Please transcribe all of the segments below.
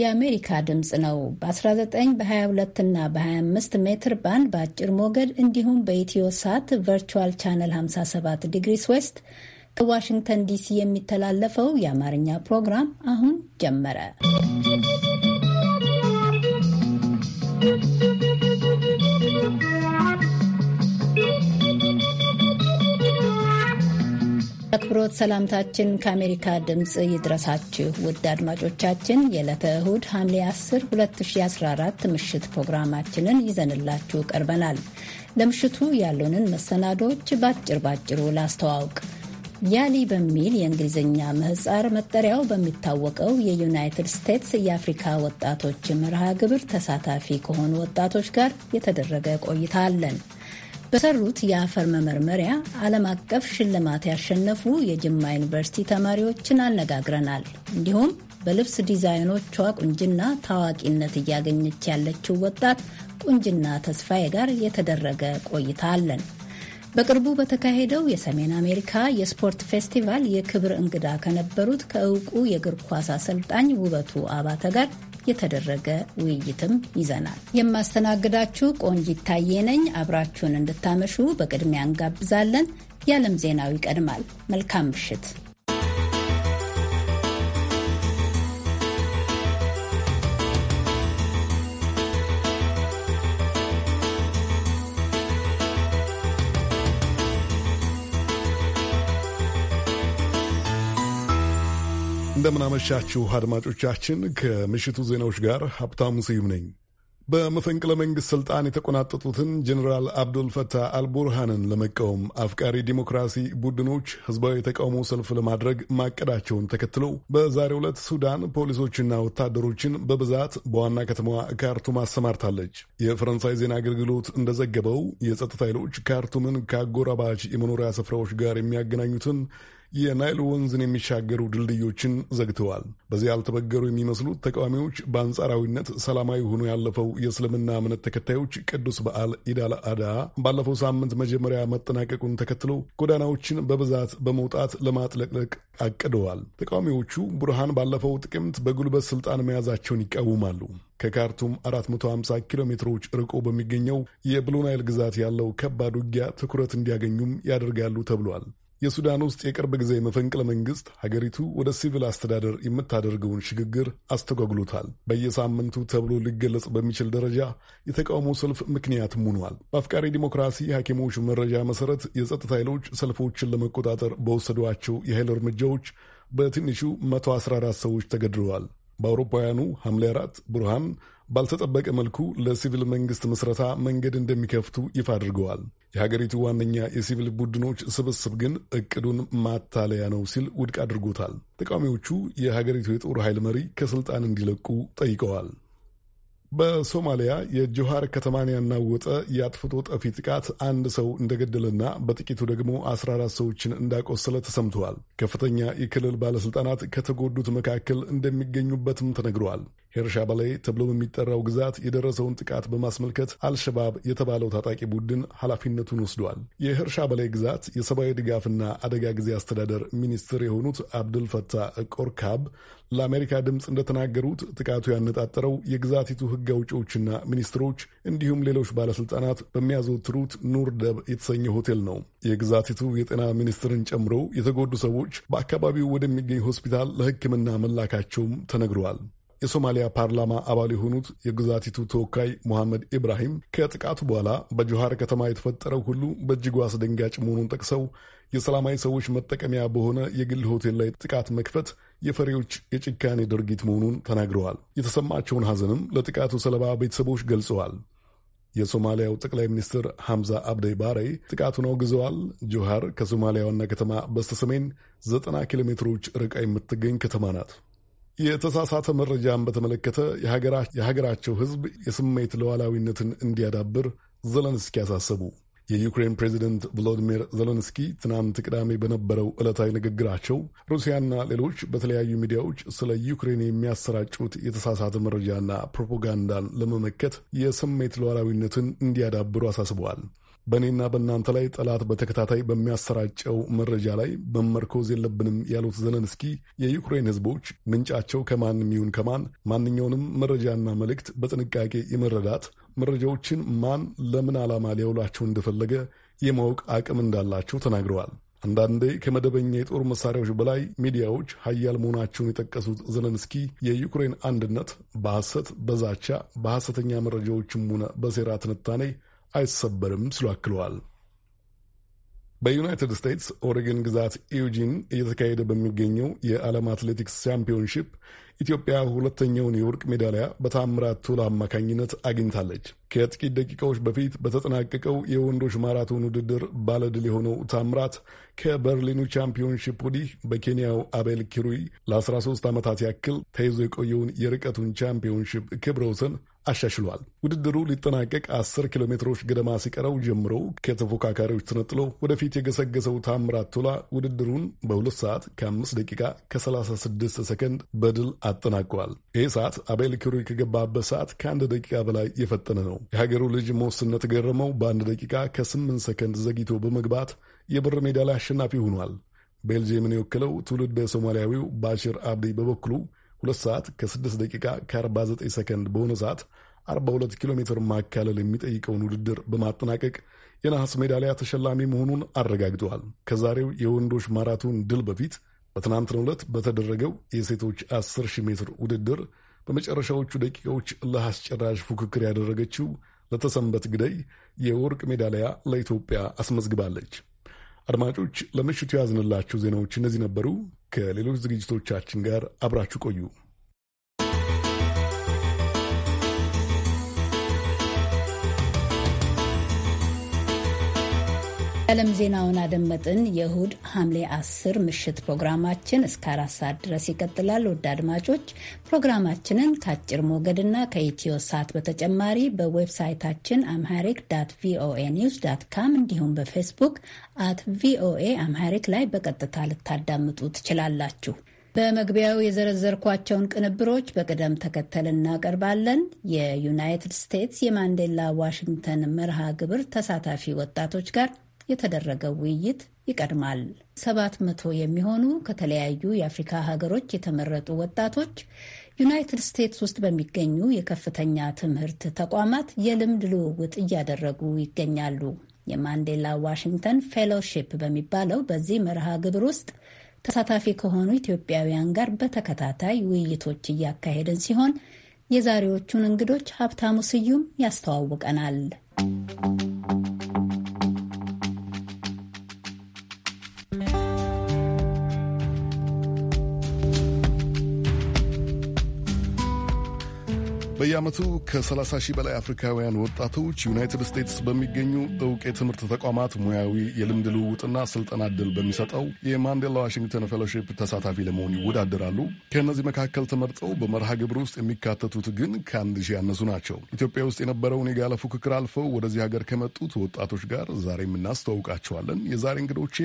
የአሜሪካ ድምፅ ነው። በ19 በ22 እና በ25 ሜትር ባንድ በአጭር ሞገድ እንዲሁም በኢትዮ ሳት ቨርቹዋል ቻነል 57 ዲግሪስ ዌስት ከዋሽንግተን ዲሲ የሚተላለፈው የአማርኛ ፕሮግራም አሁን ጀመረ። በአክብሮት ሰላምታችን ከአሜሪካ ድምፅ ይድረሳችሁ ውድ አድማጮቻችን። የዕለተ እሁድ ሐምሌ 10 2014 ምሽት ፕሮግራማችንን ይዘንላችሁ ቀርበናል። ለምሽቱ ያሉንን መሰናዶዎች ባጭር ባጭሩ ላስተዋውቅ። ያሊ በሚል የእንግሊዝኛ ምህፃር መጠሪያው በሚታወቀው የዩናይትድ ስቴትስ የአፍሪካ ወጣቶች መርሃ ግብር ተሳታፊ ከሆኑ ወጣቶች ጋር የተደረገ ቆይታ አለን። በሰሩት የአፈር መመርመሪያ ዓለም አቀፍ ሽልማት ያሸነፉ የጅማ ዩኒቨርሲቲ ተማሪዎችን አነጋግረናል። እንዲሁም በልብስ ዲዛይኖቿ ቁንጅና ታዋቂነት እያገኘች ያለችው ወጣት ቁንጅና ተስፋዬ ጋር የተደረገ ቆይታ አለን። በቅርቡ በተካሄደው የሰሜን አሜሪካ የስፖርት ፌስቲቫል የክብር እንግዳ ከነበሩት ከእውቁ የእግር ኳስ አሰልጣኝ ውበቱ አባተ ጋር የተደረገ ውይይትም ይዘናል። የማስተናግዳችሁ ቆንጂት ታዬ ነኝ። አብራችሁን እንድታመሹ በቅድሚያ እንጋብዛለን። የዓለም ዜናው ይቀድማል። መልካም ምሽት። እንደምናመሻችሁ አድማጮቻችን፣ ከምሽቱ ዜናዎች ጋር ሀብታሙ ስዩም ነኝ። በመፈንቅለ መንግሥት ሥልጣን የተቆናጠጡትን ጀኔራል አብዱልፈታህ አልቡርሃንን ለመቃወም አፍቃሪ ዲሞክራሲ ቡድኖች ሕዝባዊ የተቃውሞ ሰልፍ ለማድረግ ማቀዳቸውን ተከትሎ በዛሬው ዕለት ሱዳን ፖሊሶችና ወታደሮችን በብዛት በዋና ከተማዋ ካርቱም አሰማርታለች። የፈረንሳይ ዜና አገልግሎት እንደዘገበው የጸጥታ ኃይሎች ካርቱምን ከአጎራባች የመኖሪያ ስፍራዎች ጋር የሚያገናኙትን የናይል ወንዝን የሚሻገሩ ድልድዮችን ዘግተዋል። በዚህ ያልተበገሩ የሚመስሉት ተቃዋሚዎች በአንጻራዊነት ሰላማዊ ሆኖ ያለፈው የእስልምና እምነት ተከታዮች ቅዱስ በዓል ኢዳል አዳ ባለፈው ሳምንት መጀመሪያ መጠናቀቁን ተከትሎ ጎዳናዎችን በብዛት በመውጣት ለማጥለቅለቅ አቅደዋል። ተቃዋሚዎቹ ቡርሃን ባለፈው ጥቅምት በጉልበት ስልጣን መያዛቸውን ይቃወማሉ። ከካርቱም 450 ኪሎ ሜትሮች ርቆ በሚገኘው የብሉናይል ግዛት ያለው ከባድ ውጊያ ትኩረት እንዲያገኙም ያደርጋሉ ተብሏል። የሱዳን ውስጥ የቅርብ ጊዜ መፈንቅለ መንግስት ሀገሪቱ ወደ ሲቪል አስተዳደር የምታደርገውን ሽግግር አስተጓጉሎታል። በየሳምንቱ ተብሎ ሊገለጽ በሚችል ደረጃ የተቃውሞ ሰልፍ ምክንያትም ሆኗል። በአፍቃሪ ዲሞክራሲ ሐኪሞች መረጃ መሰረት የጸጥታ ኃይሎች ሰልፎችን ለመቆጣጠር በወሰዷቸው የኃይል እርምጃዎች በትንሹ 114 ሰዎች ተገድለዋል። በአውሮፓውያኑ ሐምሌ 4 ቡርሃን ባልተጠበቀ መልኩ ለሲቪል መንግስት ምስረታ መንገድ እንደሚከፍቱ ይፋ አድርገዋል። የሀገሪቱ ዋነኛ የሲቪል ቡድኖች ስብስብ ግን እቅዱን ማታለያ ነው ሲል ውድቅ አድርጎታል። ተቃዋሚዎቹ የሀገሪቱ የጦር ኃይል መሪ ከስልጣን እንዲለቁ ጠይቀዋል። በሶማሊያ የጆሃር ከተማን ያናወጠ የአጥፍቶ ጠፊ ጥቃት አንድ ሰው እንደገደለና በጥቂቱ ደግሞ 14 ሰዎችን እንዳቆሰለ ተሰምተዋል። ከፍተኛ የክልል ባለሥልጣናት ከተጎዱት መካከል እንደሚገኙበትም ተነግረዋል። ሄርሻ በላይ ተብሎ በሚጠራው ግዛት የደረሰውን ጥቃት በማስመልከት አልሸባብ የተባለው ታጣቂ ቡድን ኃላፊነቱን ወስዷል። የሄርሻ በላይ ግዛት የሰብአዊ ድጋፍና አደጋ ጊዜ አስተዳደር ሚኒስትር የሆኑት እቆር ቆርካብ ለአሜሪካ ድምፅ እንደተናገሩት ጥቃቱ ያነጣጠረው የግዛቲቱ ሕግ አውጪዎችና ሚኒስትሮች እንዲሁም ሌሎች ባለስልጣናት በሚያዘወትሩት ኑር ደብ የተሰኘ ሆቴል ነው። የግዛቲቱ የጤና ሚኒስትርን ጨምሮ የተጎዱ ሰዎች በአካባቢው ወደሚገኝ ሆስፒታል ለሕክምና መላካቸውም ተነግረዋል። የሶማሊያ ፓርላማ አባል የሆኑት የግዛቲቱ ተወካይ ሞሐመድ ኢብራሂም ከጥቃቱ በኋላ በጆሃር ከተማ የተፈጠረው ሁሉ በእጅጉ አስደንጋጭ መሆኑን ጠቅሰው የሰላማዊ ሰዎች መጠቀሚያ በሆነ የግል ሆቴል ላይ ጥቃት መክፈት የፈሪዎች የጭካኔ ድርጊት መሆኑን ተናግረዋል። የተሰማቸውን ሐዘንም ለጥቃቱ ሰለባ ቤተሰቦች ገልጸዋል። የሶማሊያው ጠቅላይ ሚኒስትር ሐምዛ አብደይ ባሬ ጥቃቱን አውግዘዋል። ጆሃር ከሶማሊያ ዋና ከተማ በስተሰሜን ዘጠና ኪሎ ሜትሮች ርቃ የምትገኝ ከተማ ናት። የተሳሳተ መረጃን በተመለከተ የሀገራቸው ሕዝብ የስሜት ሉዓላዊነትን እንዲያዳብር ዘለንስኪ ያሳሰቡ የዩክሬን ፕሬዚደንት ቮሎዲሚር ዘለንስኪ ትናንት ቅዳሜ በነበረው ዕለታዊ ንግግራቸው ሩሲያና ሌሎች በተለያዩ ሚዲያዎች ስለ ዩክሬን የሚያሰራጩት የተሳሳተ መረጃና ፕሮፓጋንዳን ለመመከት የስሜት ሉዓላዊነትን እንዲያዳብሩ አሳስበዋል። በእኔና በእናንተ ላይ ጠላት በተከታታይ በሚያሰራጨው መረጃ ላይ መመርኮዝ የለብንም ያሉት ዘለንስኪ የዩክሬን ሕዝቦች ምንጫቸው ከማንም ይሁን ከማን ማንኛውንም መረጃና መልእክት በጥንቃቄ የመረዳት መረጃዎችን ማን ለምን ዓላማ ሊያውላቸው እንደፈለገ የማወቅ አቅም እንዳላቸው ተናግረዋል። አንዳንዴ ከመደበኛ የጦር መሳሪያዎች በላይ ሚዲያዎች ሀያል መሆናቸውን የጠቀሱት ዘለንስኪ የዩክሬን አንድነት በሐሰት በዛቻ በሐሰተኛ መረጃዎችም ሆነ በሴራ ትንታኔ አይሰበርም ሲሉ አክለዋል። በዩናይትድ ስቴትስ ኦሬገን ግዛት ኢዩጂን እየተካሄደ በሚገኘው የዓለም አትሌቲክስ ቻምፒዮንሺፕ ኢትዮጵያ ሁለተኛውን የወርቅ ሜዳሊያ በታምራት ቶላ አማካኝነት አግኝታለች። ከጥቂት ደቂቃዎች በፊት በተጠናቀቀው የወንዶች ማራቶን ውድድር ባለድል የሆነው ታምራት ከበርሊኑ ቻምፒዮንሺፕ ወዲህ በኬንያው አቤል ኪሩይ ለ13 ዓመታት ያክል ተይዞ የቆየውን የርቀቱን ቻምፒዮንሺፕ ክብረ ወሰን አሻሽሏል። ውድድሩ ሊጠናቀቅ አስር ኪሎ ሜትሮች ገደማ ሲቀረው ጀምሮ ከተፎካካሪዎች ተነጥሎ ወደፊት የገሰገሰው ታምራት ቶላ ውድድሩን በሁለት ሰዓት ከ5 ደቂቃ ከ36 ሰከንድ በድል አጠናቀዋል። ይህ ሰዓት አቤል ኪሩ ከገባበት ሰዓት ከአንድ ደቂቃ በላይ የፈጠነ ነው። የሀገሩ ልጅ ሞስነት የተገረመው በአንድ ደቂቃ ከ8 ሰከንድ ዘግይቶ በመግባት የብር ሜዳሊያ አሸናፊ ሆኗል። ቤልጅየምን የወክለው ትውልድ ሶማሊያዊው ባሽር አብዲ በበኩሉ ሁለት ሰዓት ከ6 ደቂቃ ከ49 ሰከንድ በሆነ ሰዓት 42 ኪሎ ሜትር ማካለል የሚጠይቀውን ውድድር በማጠናቀቅ የነሐስ ሜዳሊያ ተሸላሚ መሆኑን አረጋግጠዋል። ከዛሬው የወንዶች ማራቶን ድል በፊት በትናንትናው ዕለት በተደረገው የሴቶች 10 ሺህ ሜትር ውድድር በመጨረሻዎቹ ደቂቃዎች ለአስጨራሽ ፉክክር ያደረገችው ለተሰንበት ግደይ የወርቅ ሜዳሊያ ለኢትዮጵያ አስመዝግባለች። አድማጮች፣ ለምሽቱ የያዝንላችሁ ዜናዎች እነዚህ ነበሩ። ከሌሎች ዝግጅቶቻችን ጋር አብራችሁ ቆዩ። የዓለም ዜናውን አደመጥን። የእሁድ ሐምሌ 10 ምሽት ፕሮግራማችን እስከ አራት ሰዓት ድረስ ይቀጥላል። ውድ አድማጮች ፕሮግራማችንን ከአጭር ሞገድና ከኢትዮ ሳት በተጨማሪ በዌብሳይታችን አምሃሪክ ዳት ቪኦኤ ኒውስ ዳት ካም እንዲሁም በፌስቡክ አት ቪኦኤ አምሃሪክ ላይ በቀጥታ ልታዳምጡ ትችላላችሁ። በመግቢያው የዘረዘርኳቸውን ቅንብሮች በቅደም ተከተል እናቀርባለን። የዩናይትድ ስቴትስ የማንዴላ ዋሽንግተን መርሃ ግብር ተሳታፊ ወጣቶች ጋር የተደረገው ውይይት ይቀድማል። ሰባት መቶ የሚሆኑ ከተለያዩ የአፍሪካ ሀገሮች የተመረጡ ወጣቶች ዩናይትድ ስቴትስ ውስጥ በሚገኙ የከፍተኛ ትምህርት ተቋማት የልምድ ልውውጥ እያደረጉ ይገኛሉ። የማንዴላ ዋሽንግተን ፌሎሺፕ በሚባለው በዚህ መርሃ ግብር ውስጥ ተሳታፊ ከሆኑ ኢትዮጵያውያን ጋር በተከታታይ ውይይቶች እያካሄደን ሲሆን የዛሬዎቹን እንግዶች ሀብታሙ ስዩም ያስተዋውቀናል። በየዓመቱ ከ30 ሺህ በላይ አፍሪካውያን ወጣቶች ዩናይትድ ስቴትስ በሚገኙ እውቅ የትምህርት ተቋማት ሙያዊ የልምድ ልውውጥና ስልጠና እድል በሚሰጠው የማንዴላ ዋሽንግተን ፌሎሺፕ ተሳታፊ ለመሆን ይወዳደራሉ። ከእነዚህ መካከል ተመርጠው በመርሃ ግብር ውስጥ የሚካተቱት ግን ከአንድ ሺህ ያነሱ ናቸው። ኢትዮጵያ ውስጥ የነበረውን የጋለ ፉክክር አልፈው ወደዚህ ሀገር ከመጡት ወጣቶች ጋር ዛሬም እናስተዋውቃቸዋለን። የዛሬ እንግዶቼ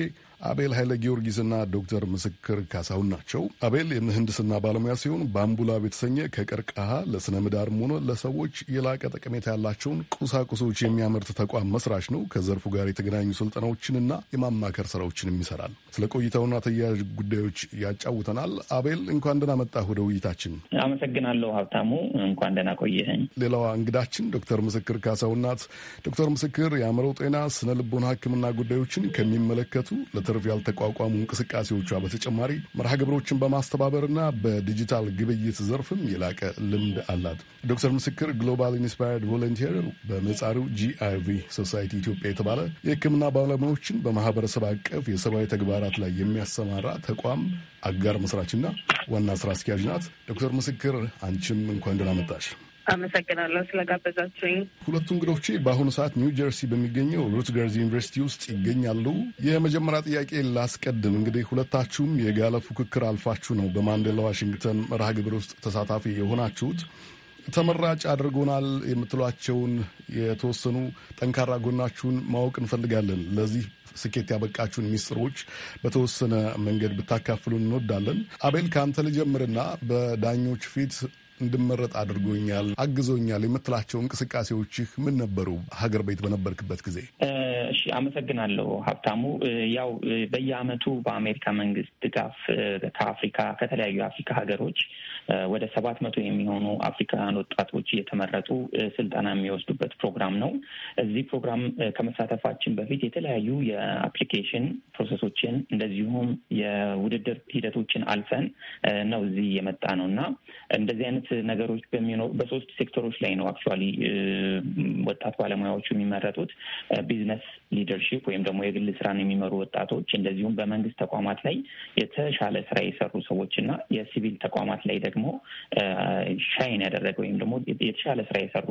አቤል ኃይለ ጊዮርጊስና ዶክተር ምስክር ካሳሁን ናቸው። አቤል የምህንድስና ባለሙያ ሲሆን በአምቡላብ የተሰኘ ከቀርከሃ ለስነ ምህዳርም ሆነ ለሰዎች የላቀ ጠቀሜታ ያላቸውን ቁሳቁሶች የሚያመርት ተቋም መስራች ነው። ከዘርፉ ጋር የተገናኙ ስልጠናዎችንና የማማከር ስራዎችንም ይሰራል። ስለ ቆይታውና ተያያዥ ጉዳዮች ያጫውተናል። አቤል እንኳን ደህና መጣህ ወደ ውይይታችን። አመሰግናለሁ ሀብታሙ፣ እንኳን ደህና ቆየኸኝ። ሌላዋ እንግዳችን ዶክተር ምስክር ካሳሁን ናት። ዶክተር ምስክር የአእምሮ ጤና፣ ስነ ልቦና ህክምና ጉዳዮችን ከሚመለከቱ በትርፍ ያልተቋቋሙ እንቅስቃሴዎቿ በተጨማሪ መርሃ ግብሮችን በማስተባበርና በዲጂታል ግብይት ዘርፍም የላቀ ልምድ አላት። ዶክተር ምስክር ግሎባል ኢንስፓየርድ ቮለንቲር በመጻሪው ጂአይቪ ሶሳይቲ ኢትዮጵያ የተባለ የሕክምና ባለሙያዎችን በማህበረሰብ አቀፍ የሰብአዊ ተግባራት ላይ የሚያሰማራ ተቋም አጋር መስራችና ዋና ስራ አስኪያጅ ናት። ዶክተር ምስክር አንቺም እንኳን ደህና መጣሽ። አመሰግናለሁ ስለጋበዛችሁኝ። ሁለቱ እንግዶቼ በአሁኑ ሰዓት ኒው ጀርሲ በሚገኘው ሩትገርዝ ዩኒቨርሲቲ ውስጥ ይገኛሉ። የመጀመሪያ ጥያቄ ላስቀድም። እንግዲህ ሁለታችሁም የጋለ ፉክክር አልፋችሁ ነው በማንዴላ ዋሽንግተን መርሃ ግብር ውስጥ ተሳታፊ የሆናችሁት። ተመራጭ አድርጎናል የምትሏቸውን የተወሰኑ ጠንካራ ጎናችሁን ማወቅ እንፈልጋለን። ለዚህ ስኬት ያበቃችሁን ሚስጥሮች በተወሰነ መንገድ ብታካፍሉ እንወዳለን። አቤል ከአንተ ልጀምርና በዳኞች ፊት እንድመረጥ አድርጎኛል፣ አግዞኛል የምትላቸው እንቅስቃሴዎችህ ምን ነበሩ? ሀገር ቤት በነበርክበት ጊዜ። እሺ፣ አመሰግናለሁ ሀብታሙ። ያው በየአመቱ በአሜሪካ መንግስት ድጋፍ ከአፍሪካ ከተለያዩ የአፍሪካ ሀገሮች ወደ ሰባት መቶ የሚሆኑ አፍሪካውያን ወጣቶች እየተመረጡ ስልጠና የሚወስዱበት ፕሮግራም ነው። እዚህ ፕሮግራም ከመሳተፋችን በፊት የተለያዩ የአፕሊኬሽን ፕሮሰሶችን እንደዚሁም የውድድር ሂደቶችን አልፈን ነው እዚህ የመጣ ነው እና እንደዚህ አይነት ነገሮች በሚኖሩ በሶስት ሴክተሮች ላይ ነው አክቹዋሊ ወጣት ባለሙያዎቹ የሚመረጡት ቢዝነስ ሊደርሺፕ ወይም ደግሞ የግል ስራን የሚመሩ ወጣቶች፣ እንደዚሁም በመንግስት ተቋማት ላይ የተሻለ ስራ የሰሩ ሰዎች እና የሲቪል ተቋማት ላይ ደግሞ ደግሞ ሻይን ያደረገ ወይም ደግሞ የተሻለ ስራ የሰሩ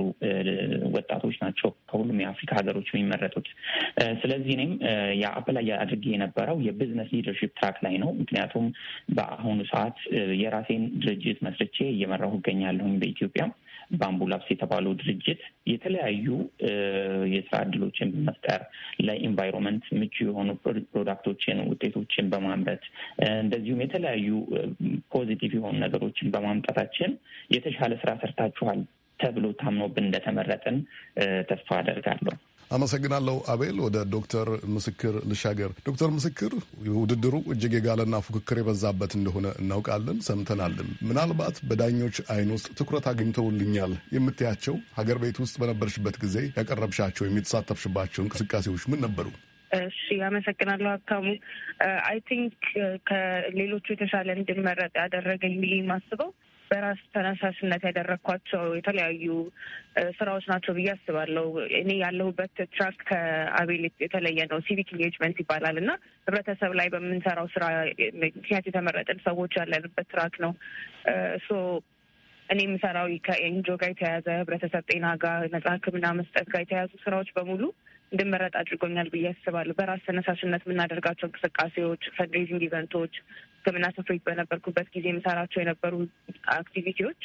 ወጣቶች ናቸው ከሁሉም የአፍሪካ ሀገሮች የሚመረጡት። ስለዚህ እኔም የአፕላይ አድርጌ የነበረው የቢዝነስ ሊደርሽፕ ትራክ ላይ ነው። ምክንያቱም በአሁኑ ሰዓት የራሴን ድርጅት መስርቼ እየመራሁ እገኛለሁኝ በኢትዮጵያ። ባምቡ ላብስ የተባለው ድርጅት የተለያዩ የስራ እድሎችን በመፍጠር ለኢንቫይሮንመንት ምቹ የሆኑ ፕሮዳክቶችን፣ ውጤቶችን በማምረት እንደዚሁም የተለያዩ ፖዚቲቭ የሆኑ ነገሮችን በማምጣታችን የተሻለ ስራ ሰርታችኋል ተብሎ ታምኖብን እንደተመረጥን ተስፋ አደርጋለሁ። አመሰግናለሁ አቤል። ወደ ዶክተር ምስክር ልሻገር። ዶክተር ምስክር ውድድሩ እጅግ የጋለና ፉክክር የበዛበት እንደሆነ እናውቃለን፣ ሰምተናልን። ምናልባት በዳኞች አይን ውስጥ ትኩረት አግኝተውልኛል የምትያቸው ሀገር ቤት ውስጥ በነበርሽበት ጊዜ ያቀረብሻቸው የሚተሳተፍሽባቸው እንቅስቃሴዎች ምን ነበሩ? እሺ፣ አመሰግናለሁ ሀብታሙ። አይ ቲንክ ከሌሎቹ የተሻለ እንድመረጥ ያደረገኝ ብዬ ማስበው በራስ ተነሳሽነት ያደረግኳቸው የተለያዩ ስራዎች ናቸው ብዬ አስባለሁ። እኔ ያለሁበት ትራክ ከአቤል የተለየ ነው። ሲቪክ ኢንጌጅመንት ይባላል እና ህብረተሰብ ላይ በምንሰራው ስራ ምክንያት የተመረጥን ሰዎች ያለንበት ትራክ ነው። ሶ እኔ የምሰራው ከኤንጆ ጋር የተያያዘ ህብረተሰብ ጤና ጋር፣ ነጻ ሕክምና መስጠት ጋር የተያያዙ ስራዎች በሙሉ እንድመረጥ አድርጎኛል ብዬ አስባለሁ። በራስ ተነሳሽነት የምናደርጋቸው እንቅስቃሴዎች፣ ፈንድሬዚንግ ኢቨንቶች፣ ሕክምና ስፍሬት በነበርኩበት ጊዜ የምሰራቸው የነበሩ አክቲቪቲዎች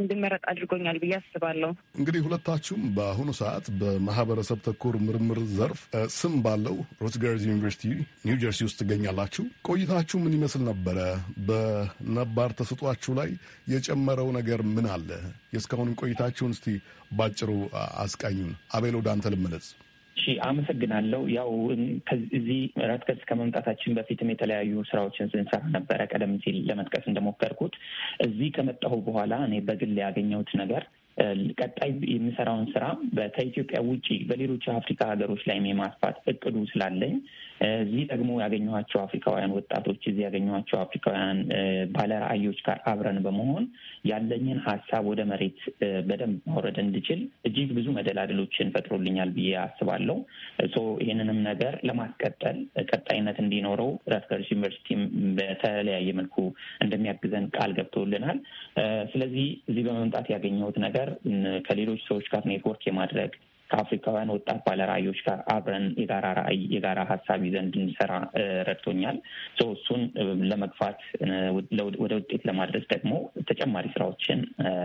እንድመረጥ አድርጎኛል ብዬ አስባለሁ። እንግዲህ ሁለታችሁም በአሁኑ ሰዓት በማህበረሰብ ተኮር ምርምር ዘርፍ ስም ባለው ሮትገርዝ ዩኒቨርሲቲ ኒው ጀርሲ ውስጥ ትገኛላችሁ። ቆይታችሁ ምን ይመስል ነበረ? በነባር ተሰጧችሁ ላይ የጨመረው ነገር ምን አለ? የእስካሁን ቆይታችሁን እስቲ ባጭሩ አስቃኙን። አቤል፣ ወደ አንተ ልመለስ። እሺ አመሰግናለሁ። ያው ከዚህ ረድገት ከመምጣታችን በፊትም የተለያዩ ስራዎችን ስንሰራ ነበረ። ቀደም ሲል ለመጥቀስ እንደሞከርኩት እዚህ ከመጣሁ በኋላ እኔ በግል ያገኘሁት ነገር ቀጣይ የሚሰራውን ስራ ከኢትዮጵያ ውጭ በሌሎች አፍሪካ ሀገሮች ላይ የማስፋት እቅዱ ስላለኝ እዚህ ደግሞ ያገኘኋቸው አፍሪካውያን ወጣቶች እዚህ ያገኘኋቸው አፍሪካውያን ባለራዕዮች ጋር አብረን በመሆን ያለኝን ሀሳብ ወደ መሬት በደንብ ማውረድ እንድችል እጅግ ብዙ መደላድሎችን ፈጥሮልኛል ብዬ አስባለሁ። ሶ ይህንንም ነገር ለማስቀጠል ቀጣይነት እንዲኖረው ራስገርስ ዩኒቨርሲቲ በተለያየ መልኩ እንደሚያግዘን ቃል ገብቶልናል። ስለዚህ እዚህ በመምጣት ያገኘሁት ነገር ከሌሎች ሰዎች ጋር ኔትወርክ የማድረግ ከአፍሪካውያን ወጣት ባለራዕዮች ጋር አብረን የጋራ ራዕይ የጋራ ሀሳብ ይዘን እንድንሰራ ረድቶኛል። እሱን ለመግፋት ወደ ውጤት ለማድረስ ደግሞ ተጨማሪ ስራዎችን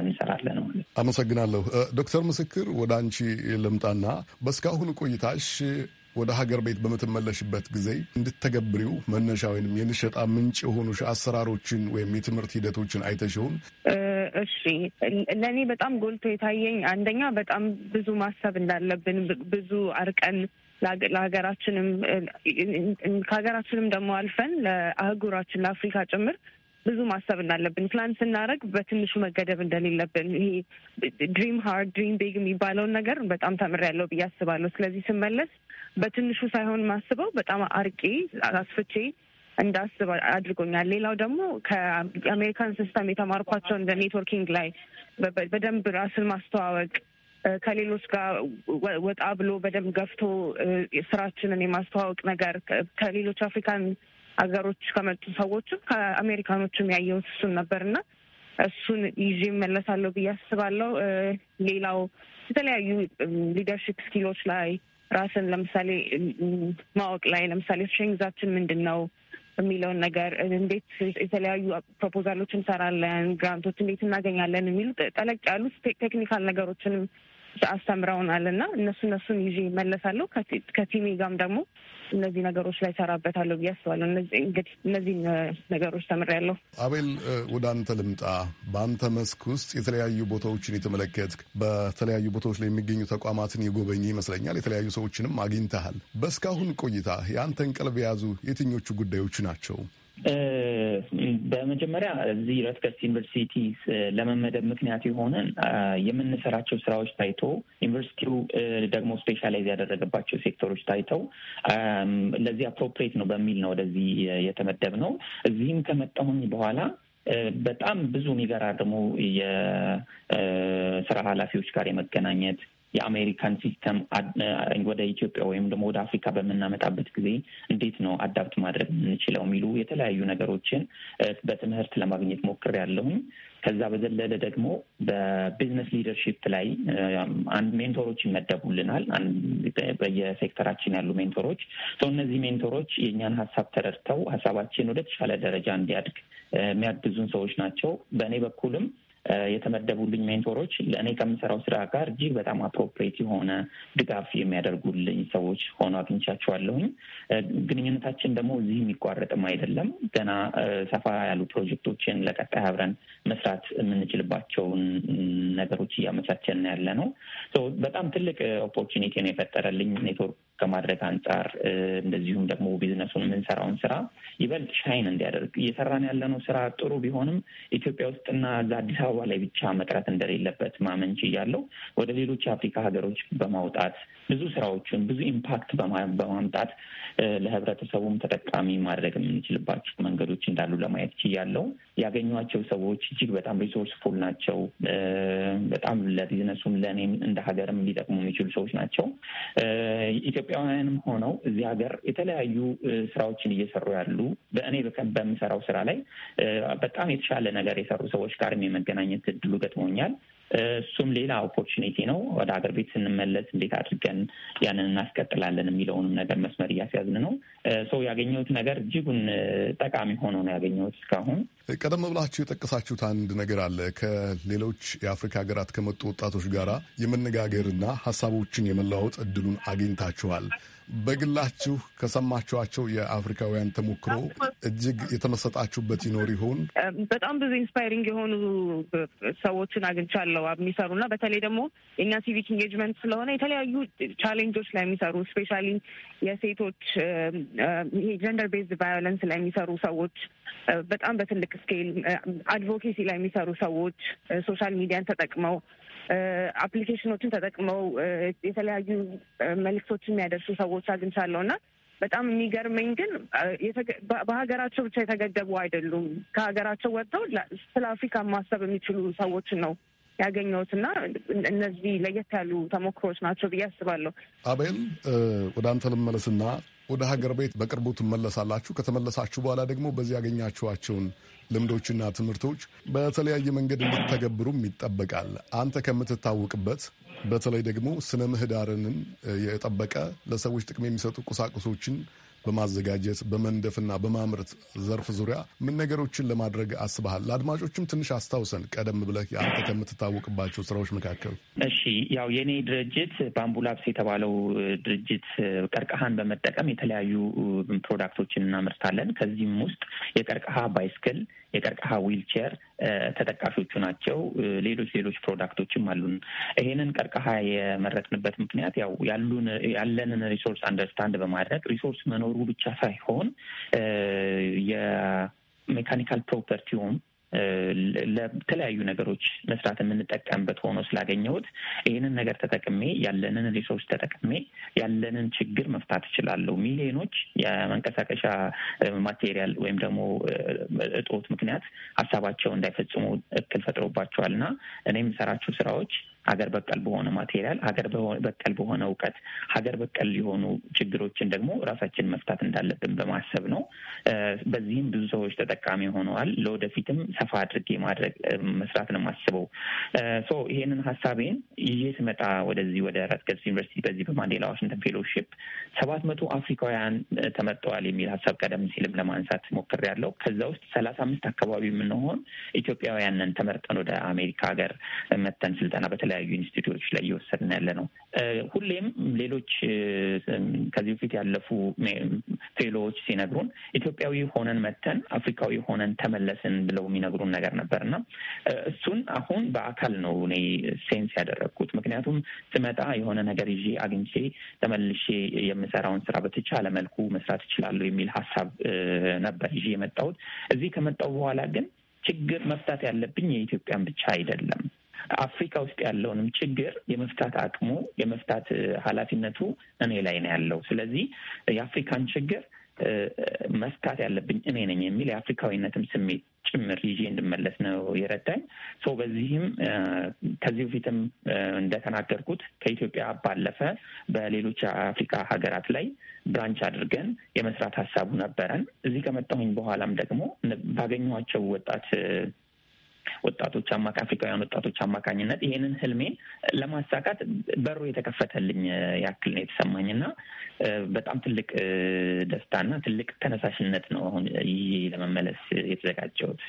እንሰራለን ማለት። አመሰግናለሁ ዶክተር ምስክር ወደ አንቺ ልምጣና በእስካሁን ቆይታሽ ወደ ሀገር ቤት በምትመለሽበት ጊዜ እንድተገብሪው መነሻ ወይም የንሸጣ ምንጭ የሆኑ አሰራሮችን ወይም የትምህርት ሂደቶችን አይተሽውን? እሺ፣ ለእኔ በጣም ጎልቶ የታየኝ አንደኛ በጣም ብዙ ማሰብ እንዳለብን ብዙ አርቀን ለሀገራችንም ከሀገራችንም ደግሞ አልፈን ለአህጉራችን ለአፍሪካ ጭምር ብዙ ማሰብ እንዳለብን ፕላን ስናደርግ በትንሹ መገደብ እንደሌለብን ይሄ ድሪም ሃርድ ድሪም ቤግ የሚባለውን ነገር በጣም ተምሬያለሁ ብዬ አስባለሁ። ስለዚህ ስመለስ በትንሹ ሳይሆን ማስበው በጣም አርቄ አስፍቼ እንዳስብ አድርጎኛል። ሌላው ደግሞ ከአሜሪካን ሲስተም የተማርኳቸው እንደ ኔትወርኪንግ ላይ በደንብ ራስን ማስተዋወቅ ከሌሎች ጋር ወጣ ብሎ በደንብ ገፍቶ ስራችንን የማስተዋወቅ ነገር ከሌሎች አፍሪካን ሀገሮች ከመጡ ሰዎችም ከአሜሪካኖችም ያየሁት እሱን ነበር እና እሱን ይዤ እመለሳለሁ ብዬ አስባለሁ። ሌላው የተለያዩ ሊደርሽፕ ስኪሎች ላይ ራስን ለምሳሌ ማወቅ ላይ ለምሳሌ ስትሪንግ ምንድን ነው የሚለውን ነገር እንዴት የተለያዩ ፕሮፖዛሎች እንሰራለን፣ ግራንቶች እንዴት እናገኛለን የሚሉ ጠለቅ ያሉ ቴክኒካል ነገሮችንም አስተምረውናል እና እነሱ እነሱን ይዤ ይመለሳለሁ። ከቲሜ ጋም ደግሞ እነዚህ ነገሮች ላይ ሰራበታለሁ ብዬ አስባለሁ። እንግዲህ እነዚህን ነገሮች ተምሬያለሁ። አቤል ወደ አንተ ልምጣ። በአንተ መስክ ውስጥ የተለያዩ ቦታዎችን የተመለከትክ፣ በተለያዩ ቦታዎች ላይ የሚገኙ ተቋማትን የጎበኘ ይመስለኛል። የተለያዩ ሰዎችንም አግኝተሃል። በእስካሁን ቆይታ የአንተን ቀልብ የያዙ የትኞቹ ጉዳዮች ናቸው? በመጀመሪያ እዚህ ረትገት ዩኒቨርሲቲ ለመመደብ ምክንያት የሆነን የምንሰራቸው ስራዎች ታይቶ ዩኒቨርሲቲው ደግሞ ስፔሻላይዝ ያደረገባቸው ሴክተሮች ታይተው ለዚህ አፕሮፕሬት ነው በሚል ነው ወደዚህ የተመደብ ነው። እዚህም ከመጣሁኝ በኋላ በጣም ብዙ እኔ ደግሞ የስራ ኃላፊዎች ጋር የመገናኘት የአሜሪካን ሲስተም ወደ ኢትዮጵያ ወይም ደግሞ ወደ አፍሪካ በምናመጣበት ጊዜ እንዴት ነው አዳፕት ማድረግ የምንችለው የሚሉ የተለያዩ ነገሮችን በትምህርት ለማግኘት ሞክር ያለሁኝ። ከዛ በዘለለ ደግሞ በቢዝነስ ሊደርሽፕ ላይ አንድ ሜንቶሮች ይመደቡልናል። በየሴክተራችን ያሉ ሜንቶሮች እነዚህ ሜንቶሮች የእኛን ሀሳብ ተረድተው ሀሳባችን ወደ ተሻለ ደረጃ እንዲያድግ የሚያግዙን ሰዎች ናቸው። በእኔ በኩልም የተመደቡልኝ ሜንቶሮች ለእኔ ከምሰራው ስራ ጋር እጅግ በጣም አፕሮፕሬት የሆነ ድጋፍ የሚያደርጉልኝ ሰዎች ሆኖ አግኝቻቸዋለሁኝ። ግንኙነታችን ደግሞ እዚህ የሚቋረጥም አይደለም። ገና ሰፋ ያሉ ፕሮጀክቶችን ለቀጣይ አብረን መስራት የምንችልባቸውን ነገሮች እያመቻቸን ያለ ነው። በጣም ትልቅ ኦፖርቹኒቲ ነው የፈጠረልኝ ኔትወርክ ከማድረግ አንጻር እንደዚሁም ደግሞ ቢዝነሱን የምንሰራውን ስራ ይበልጥ ሻይን እንዲያደርግ እየሰራን ያለነው ስራ ጥሩ ቢሆንም ኢትዮጵያ ውስጥና እዛ አዲስ አበባ ላይ ብቻ መቅረት እንደሌለበት ማመን ችያለሁ። ወደ ሌሎች የአፍሪካ ሀገሮች በማውጣት ብዙ ስራዎችን ብዙ ኢምፓክት በማምጣት ለህብረተሰቡም ተጠቃሚ ማድረግ የምንችልባቸው መንገዶች እንዳሉ ለማየት ችያለሁ። ያገኟቸው ሰዎች እጅግ በጣም ሪሶርስ ፉል ናቸው። በጣም ለቢዝነሱም ለእኔም እንደ ሀገርም ሊጠቅሙ የሚችሉ ሰዎች ናቸው። ኢትዮጵያውያንም ሆነው እዚህ ሀገር የተለያዩ ስራዎችን እየሰሩ ያሉ በእኔ በምሰራው ስራ ላይ በጣም የተሻለ ነገር የሰሩ ሰዎች ጋርም የመገናኘት እድሉ ገጥሞኛል። እሱም ሌላ ኦፖርቹኒቲ ነው። ወደ ሀገር ቤት ስንመለስ እንዴት አድርገን ያንን እናስቀጥላለን የሚለውንም ነገር መስመር እያስያዝን ነው። ሰው ያገኘሁት ነገር እጅጉን ጠቃሚ ሆኖ ነው ያገኘሁት እስካሁን። ቀደም ብላችሁ የጠቀሳችሁት አንድ ነገር አለ። ከሌሎች የአፍሪካ ሀገራት ከመጡ ወጣቶች ጋራ የመነጋገርና ሀሳቦችን የመለዋወጥ እድሉን አግኝታችኋል። በግላችሁ ከሰማችኋቸው የአፍሪካውያን ተሞክሮ እጅግ የተመሰጣችሁበት ይኖር ይሆን? በጣም ብዙ ኢንስፓይሪንግ የሆኑ ሰዎችን አግኝቻለሁ የሚሰሩና በተለይ ደግሞ የእኛ ሲቪክ ኢንጌጅመንት ስለሆነ የተለያዩ ቻሌንጆች ላይ የሚሰሩ ስፔሻሊ የሴቶች ጀንደር ቤዝድ ቫዮለንስ ላይ የሚሰሩ ሰዎች በጣም በትልቅ ስኬል አድቮኬሲ ላይ የሚሰሩ ሰዎች ሶሻል ሚዲያን ተጠቅመው አፕሊኬሽኖችን ተጠቅመው የተለያዩ መልእክቶች የሚያደርሱ ሰዎች አግኝቻለሁ እና በጣም የሚገርመኝ ግን በሀገራቸው ብቻ የተገደቡ አይደሉም። ከሀገራቸው ወጥተው ስለ አፍሪካ ማሰብ የሚችሉ ሰዎችን ነው ያገኘሁት እና እነዚህ ለየት ያሉ ተሞክሮዎች ናቸው ብዬ አስባለሁ። አቤል ወደ አንተ ልመለስና ወደ ሀገር ቤት በቅርቡ ትመለሳላችሁ። ከተመለሳችሁ በኋላ ደግሞ በዚህ ያገኛችኋቸውን ልምዶችና ትምህርቶች በተለያየ መንገድ እንድተገብሩም ይጠበቃል። አንተ ከምትታወቅበት በተለይ ደግሞ ስነ ምህዳርንም የጠበቀ ለሰዎች ጥቅም የሚሰጡ ቁሳቁሶችን በማዘጋጀት በመንደፍና በማምረት ዘርፍ ዙሪያ ምን ነገሮችን ለማድረግ አስበሃል? ለአድማጮችም ትንሽ አስታውሰን፣ ቀደም ብለህ የአንተ ከምትታወቅባቸው ስራዎች መካከል። እሺ፣ ያው የኔ ድርጅት ባምቡላፕስ የተባለው ድርጅት ቀርቀሃን በመጠቀም የተለያዩ ፕሮዳክቶችን እናመርታለን። ከዚህም ውስጥ የቀርቀሃ ባይስክል፣ የቀርቀሃ ዊልቸር ተጠቃሾቹ ናቸው። ሌሎች ሌሎች ፕሮዳክቶችም አሉን። ይሄንን ቀርከሃ የመረጥንበት ምክንያት ያው ያሉን ያለንን ሪሶርስ አንደርስታንድ በማድረግ ሪሶርስ መኖሩ ብቻ ሳይሆን የሜካኒካል ፕሮፐርቲውም ለተለያዩ ነገሮች መስራት የምንጠቀምበት ሆኖ ስላገኘሁት ይህንን ነገር ተጠቅሜ ያለንን ሪሶርስ ተጠቅሜ ያለንን ችግር መፍታት እችላለሁ። ሚሊዮኖች የመንቀሳቀሻ ማቴሪያል ወይም ደግሞ እጦት ምክንያት ሀሳባቸው እንዳይፈጽሙ እክል ፈጥሮባቸዋል እና እኔ የምሰራቸው ስራዎች ሀገር በቀል በሆነ ማቴሪያል፣ ሀገር በቀል በሆነ እውቀት፣ ሀገር በቀል የሆኑ ችግሮችን ደግሞ ራሳችን መፍታት እንዳለብን በማሰብ ነው። በዚህም ብዙ ሰዎች ተጠቃሚ ሆነዋል። ለወደፊትም ሰፋ አድርጌ ማድረግ መስራት ነው የማስበው። ሶ ይሄንን ሀሳቤን ይዤ ስመጣ ወደዚህ ወደ ረትገርስ ዩኒቨርሲቲ በዚህ በማንዴላ ዋሽንግተን ፌሎሺፕ ሰባት መቶ አፍሪካውያን ተመርጠዋል የሚል ሀሳብ ቀደም ሲልም ለማንሳት ሞክሬያለሁ። ከዛ ውስጥ ሰላሳ አምስት አካባቢ የምንሆን ኢትዮጵያውያንን ተመርጠን ወደ አሜሪካ ሀገር መተን ስልጠና በተለ የተለያዩ ኢንስቲትዩቶች ላይ እየወሰድን ያለ ነው። ሁሌም ሌሎች ከዚህ በፊት ያለፉ ፌሎዎች ሲነግሩን ኢትዮጵያዊ ሆነን መተን አፍሪካዊ ሆነን ተመለስን ብለው የሚነግሩን ነገር ነበር እና እሱን አሁን በአካል ነው እኔ ሴንስ ያደረግኩት። ምክንያቱም ስመጣ የሆነ ነገር ይዤ አግኝቼ ተመልሼ የምሰራውን ስራ በተቻለ መልኩ መስራት እችላለሁ የሚል ሀሳብ ነበር ይዤ የመጣሁት። እዚህ ከመጣሁ በኋላ ግን ችግር መፍታት ያለብኝ የኢትዮጵያን ብቻ አይደለም አፍሪካ ውስጥ ያለውንም ችግር የመፍታት አቅሙ የመፍታት ኃላፊነቱ እኔ ላይ ነው ያለው። ስለዚህ የአፍሪካን ችግር መፍታት ያለብኝ እኔ ነኝ የሚል የአፍሪካዊነትም ስሜት ጭምር ይዤ እንድመለስ ነው የረዳኝ። ሰው በዚህም ከዚህ በፊትም እንደተናገርኩት ከኢትዮጵያ ባለፈ በሌሎች የአፍሪካ ሀገራት ላይ ብራንች አድርገን የመስራት ሀሳቡ ነበረን። እዚህ ከመጣሁኝ በኋላም ደግሞ ባገኘኋቸው ወጣት ወጣቶች አማካ አፍሪካውያን ወጣቶች አማካኝነት ይሄንን ህልሜን ለማሳካት በሩ የተከፈተልኝ ያክል ነው የተሰማኝ እና በጣም ትልቅ ደስታና ትልቅ ተነሳሽነት ነው አሁን ይዤ ለመመለስ የተዘጋጀሁት።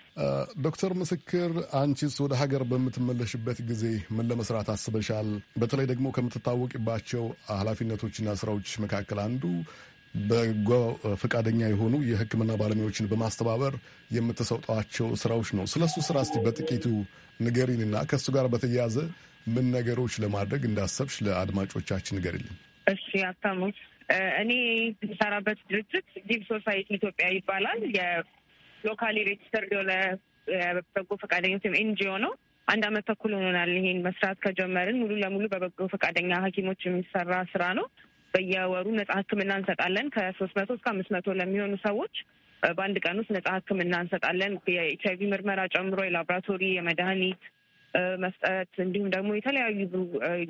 ዶክተር ምስክር አንቺስ ወደ ሀገር በምትመለሽበት ጊዜ ምን ለመስራት አስበሻል? በተለይ ደግሞ ከምትታወቂባቸው ኃላፊነቶችና ስራዎች መካከል አንዱ በጎ ፈቃደኛ የሆኑ የሕክምና ባለሙያዎችን በማስተባበር የምትሰጧቸው ስራዎች ነው። ስለ እሱ ስራ እስቲ በጥቂቱ ንገሪንና ከእሱ ጋር በተያያዘ ምን ነገሮች ለማድረግ እንዳሰብሽ ለአድማጮቻችን ንገሪልን። እሺ አታሙ እኔ የምሰራበት ድርጅት ጊቭ ሶሳይቲ ኢትዮጵያ ይባላል። የሎካሊ ሬጅስተርድ የሆነ በጎ ፈቃደኞች ወይም ኤንጂኦ ነው። አንድ አመት ተኩል ሆኖናል ይሄን መስራት ከጀመርን። ሙሉ ለሙሉ በበጎ ፈቃደኛ ሐኪሞች የሚሰራ ስራ ነው። በየወሩ ነጻ ህክምና እንሰጣለን ከሶስት መቶ እስከ አምስት መቶ ለሚሆኑ ሰዎች በአንድ ቀን ውስጥ ነጻ ህክምና እንሰጣለን። የኤች አይቪ ምርመራ ጨምሮ የላቦራቶሪ የመድኃኒት መስጠት እንዲሁም ደግሞ የተለያዩ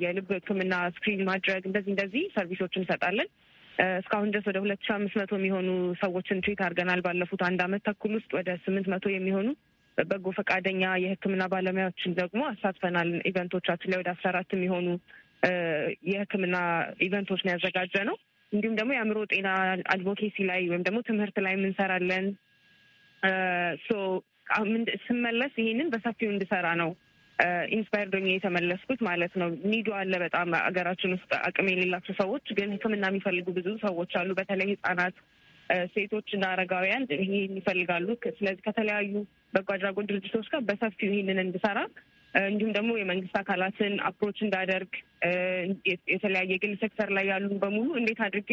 የልብ ህክምና ስክሪን ማድረግ እንደዚህ እንደዚህ ሰርቪሶች እንሰጣለን። እስካሁን ድረስ ወደ ሁለት ሺ አምስት መቶ የሚሆኑ ሰዎችን ትሪት አድርገናል። ባለፉት አንድ አመት ተኩል ውስጥ ወደ ስምንት መቶ የሚሆኑ በጎ ፈቃደኛ የህክምና ባለሙያዎችን ደግሞ አሳትፈናል። ኢቨንቶቻችን ላይ ወደ አስራ አራት የሚሆኑ የህክምና ኢቨንቶች ያዘጋጀ ነው። እንዲሁም ደግሞ የአእምሮ ጤና አድቮኬሲ ላይ ወይም ደግሞ ትምህርት ላይ የምንሰራለን። ስመለስ ይሄንን በሰፊው እንድሰራ ነው ኢንስፓየር ዶኝ የተመለስኩት ማለት ነው። ኒዶ አለ በጣም አገራችን ውስጥ አቅም የሌላቸው ሰዎች ግን ህክምና የሚፈልጉ ብዙ ሰዎች አሉ። በተለይ ህጻናት ሴቶች እና አረጋውያን ይሄን ይፈልጋሉ። ስለዚህ ከተለያዩ በጎ አድራጎት ድርጅቶች ጋር በሰፊው ይህንን እንድሰራ እንዲሁም ደግሞ የመንግስት አካላትን አፕሮች እንዳደርግ የተለያየ ግል ሴክተር ላይ ያሉ በሙሉ እንዴት አድርጌ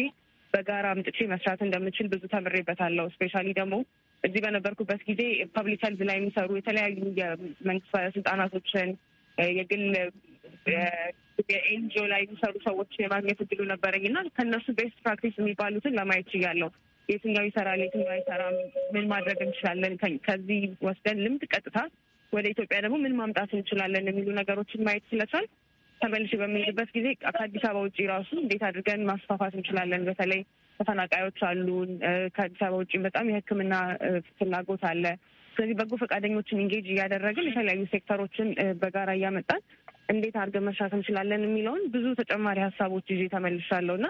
በጋራ አምጥቼ መስራት እንደምችል ብዙ ተምሬበታለሁ። እስፔሻሊ ደግሞ እዚህ በነበርኩበት ጊዜ ፐብሊክ ሄልዝ ላይ የሚሰሩ የተለያዩ የመንግስት ባለስልጣናቶችን የግል የኤንጂኦ ላይ የሚሰሩ ሰዎች የማግኘት እድሉ ነበረኝ እና ከእነሱ ቤስት ፕራክቲስ የሚባሉትን ለማየት ችያለሁ። የትኛው ይሰራል፣ የትኛው አይሰራም፣ ምን ማድረግ እንችላለን፣ ከዚህ ወስደን ልምድ ቀጥታ ወደ ኢትዮጵያ ደግሞ ምን ማምጣት እንችላለን የሚሉ ነገሮችን ማየት ስለቻል ተመልሼ በምንሄድበት ጊዜ ከአዲስ አበባ ውጭ ራሱ እንዴት አድርገን ማስፋፋት እንችላለን። በተለይ ተፈናቃዮች አሉን። ከአዲስ አበባ ውጭ በጣም የሕክምና ፍላጎት አለ። ስለዚህ በጎ ፈቃደኞችን ኢንጌጅ እያደረግን የተለያዩ ሴክተሮችን በጋራ እያመጣን እንዴት አድርገን መስራት እንችላለን የሚለውን ብዙ ተጨማሪ ሀሳቦች ይዤ ተመልሻለሁ እና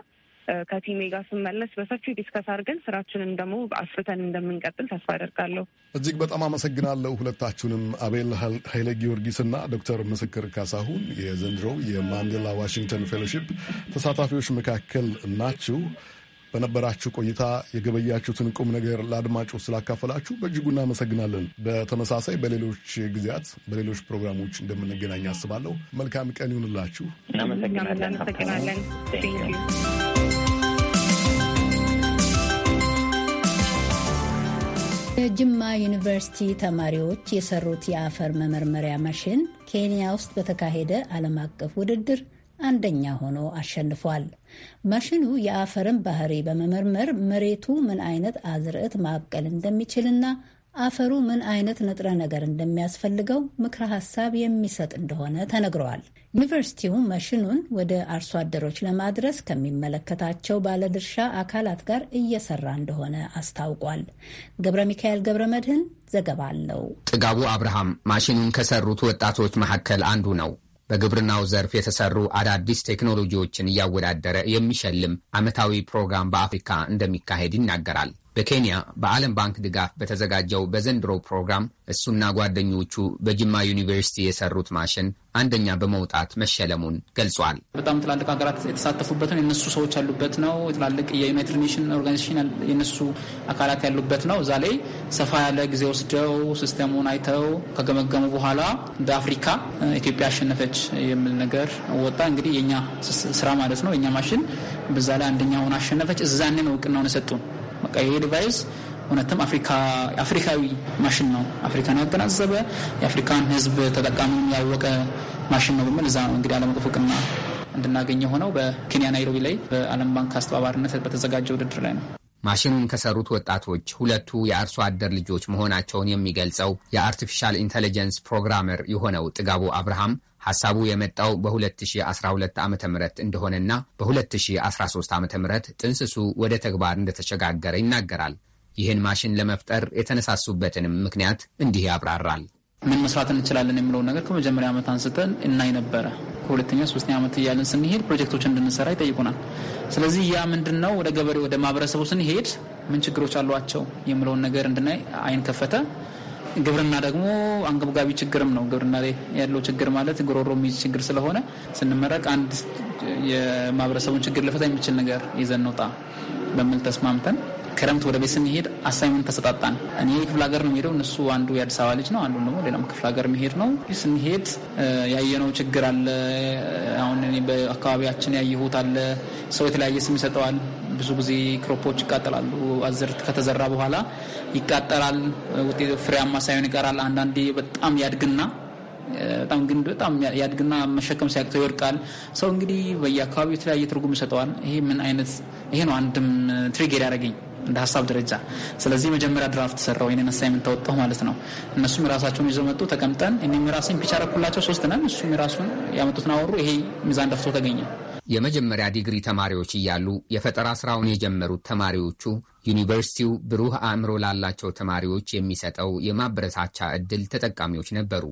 ከቲሜ ጋር ስመለስ በሰፊው ዲስከስ አድርገን ስራችንን ደግሞ አስፍተን እንደምንቀጥል ተስፋ አደርጋለሁ። እጅግ በጣም አመሰግናለሁ ሁለታችሁንም። አቤል ኃይለ ጊዮርጊስና ዶክተር ምስክር ካሳሁን የዘንድሮው የማንዴላ ዋሽንግተን ፌሎሺፕ ተሳታፊዎች መካከል ናችሁ። በነበራችሁ ቆይታ የገበያችሁትን ቁም ነገር ለአድማጮች ስላካፈላችሁ በእጅጉ እናመሰግናለን። በተመሳሳይ በሌሎች ጊዜያት በሌሎች ፕሮግራሞች እንደምንገናኝ አስባለሁ። መልካም ቀን ይሁንላችሁ። እናመሰግናለን። የጅማ ዩኒቨርሲቲ ተማሪዎች የሰሩት የአፈር መመርመሪያ ማሽን ኬንያ ውስጥ በተካሄደ ዓለም አቀፍ ውድድር አንደኛ ሆኖ አሸንፏል። ማሽኑ የአፈርን ባህሪ በመመርመር መሬቱ ምን አይነት አዝርዕት ማብቀል እንደሚችልና አፈሩ ምን አይነት ንጥረ ነገር እንደሚያስፈልገው ምክረ ሀሳብ የሚሰጥ እንደሆነ ተነግረዋል። ዩኒቨርሲቲው መሽኑን ወደ አርሶ አደሮች ለማድረስ ከሚመለከታቸው ባለድርሻ አካላት ጋር እየሰራ እንደሆነ አስታውቋል። ገብረ ሚካኤል ገብረ መድህን ዘገባ አለው። ጥጋቡ አብርሃም ማሽኑን ከሰሩት ወጣቶች መካከል አንዱ ነው። በግብርናው ዘርፍ የተሰሩ አዳዲስ ቴክኖሎጂዎችን እያወዳደረ የሚሸልም ዓመታዊ ፕሮግራም በአፍሪካ እንደሚካሄድ ይናገራል። በኬንያ በዓለም ባንክ ድጋፍ በተዘጋጀው በዘንድሮ ፕሮግራም እሱና ጓደኞቹ በጅማ ዩኒቨርሲቲ የሰሩት ማሽን አንደኛ በመውጣት መሸለሙን ገልጿል። በጣም ትላልቅ ሀገራት የተሳተፉበት ነው። የነሱ ሰዎች ያሉበት ነው። ትላልቅ የዩናይትድ ኔሽን ኦርጋኒዜሽን የነሱ አካላት ያሉበት ነው። እዛ ላይ ሰፋ ያለ ጊዜ ወስደው ሲስተሙን አይተው ከገመገሙ በኋላ እንደ አፍሪካ ኢትዮጵያ አሸነፈች የሚል ነገር ወጣ። እንግዲህ የኛ ስራ ማለት ነው። የኛ ማሽን በዛ ላይ አንደኛውን አሸነፈች። እዛንን እውቅናውን የሰጡን በቃ ይሄ ዲቫይስ እውነትም አፍሪካዊ ማሽን ነው፣ አፍሪካን ያገናዘበ የአፍሪካን ህዝብ ተጠቃሚውን ያወቀ ማሽን ነው በሚል እዛ ነው እንግዲህ ዓለም አቀፍ እውቅና እንድናገኝ የሆነው በኬንያ ናይሮቢ ላይ በዓለም ባንክ አስተባባሪነት በተዘጋጀ ውድድር ላይ ነው። ማሽኑን ከሰሩት ወጣቶች ሁለቱ የአርሶ አደር ልጆች መሆናቸውን የሚገልጸው የአርቲፊሻል ኢንቴሊጀንስ ፕሮግራመር የሆነው ጥጋቡ አብርሃም ሐሳቡ የመጣው በ2012 ዓ ም እንደሆነና በ2013 ዓ ም ጥንስሱ ወደ ተግባር እንደተሸጋገረ ይናገራል። ይህን ማሽን ለመፍጠር የተነሳሱበትንም ምክንያት እንዲህ ያብራራል። ምን መስራት እንችላለን የሚለውን ነገር ከመጀመሪያ ዓመት አንስተን እናይ ነበረ። ከሁለተኛ ሶስተኛ ዓመት እያለን ስንሄድ ፕሮጀክቶች እንድንሰራ ይጠይቁናል። ስለዚህ ያ ምንድን ነው ወደ ገበሬ ወደ ማህበረሰቡ ስንሄድ ምን ችግሮች አሏቸው የሚለውን ነገር እንድናይ አይን ከፈተ። ግብርና ደግሞ አንገብጋቢ ችግርም ነው። ግብርና ላይ ያለው ችግር ማለት ግሮሮ የሚይዝ ችግር ስለሆነ ስንመረቅ አንድ የማህበረሰቡን ችግር ልፈታ የሚችል ነገር ይዘን እንውጣ በሚል ተስማምተን ክረምት ወደ ቤት ስንሄድ አሳይመንት ተሰጣጣን። እኔ ክፍለ ሀገር ነው የምሄደው፣ እነሱ አንዱ የአዲስ አበባ ልጅ ነው፣ አንዱ ደግሞ ሌላም ክፍለ ሀገር መሄድ ነው። ስንሄድ ያየነው ችግር አለ። አሁን በአካባቢያችን ያየሁት አለ። ሰው የተለያየ ስም ይሰጠዋል። ብዙ ጊዜ ክሮፖች ይቃጠላሉ። አዝርት ከተዘራ በኋላ ይቃጠላል። ውጤቱ ፍሬያማ ሳይሆን ይቀራል። አንዳንዴ በጣም ያድግና በጣም ግን በጣም ያድግና መሸከም ሲያቅተው ይወድቃል። ሰው እንግዲህ በየአካባቢው የተለያየ ትርጉም ይሰጠዋል። ይሄ ምን አይነት ይሄ ነው አንድም ትሪጌር ያደረገኝ እንደ ሀሳብ ደረጃ። ስለዚህ መጀመሪያ ድራፍት ሰራው ይህንን አሳይመንት ታወጣሁ ማለት ነው። እነሱም የራሳቸውን ይዘው መጡ። ተቀምጠን እኔም የራሴን ፒቻ ረኩላቸው ሶስት ነን። እሱም የራሱን ያመጡትን አወሩ። ይሄ ሚዛን ደፍቶ ተገኘ። የመጀመሪያ ዲግሪ ተማሪዎች እያሉ የፈጠራ ስራውን የጀመሩት ተማሪዎቹ ዩኒቨርሲቲው ብሩህ አእምሮ ላላቸው ተማሪዎች የሚሰጠው የማበረታቻ እድል ተጠቃሚዎች ነበሩ።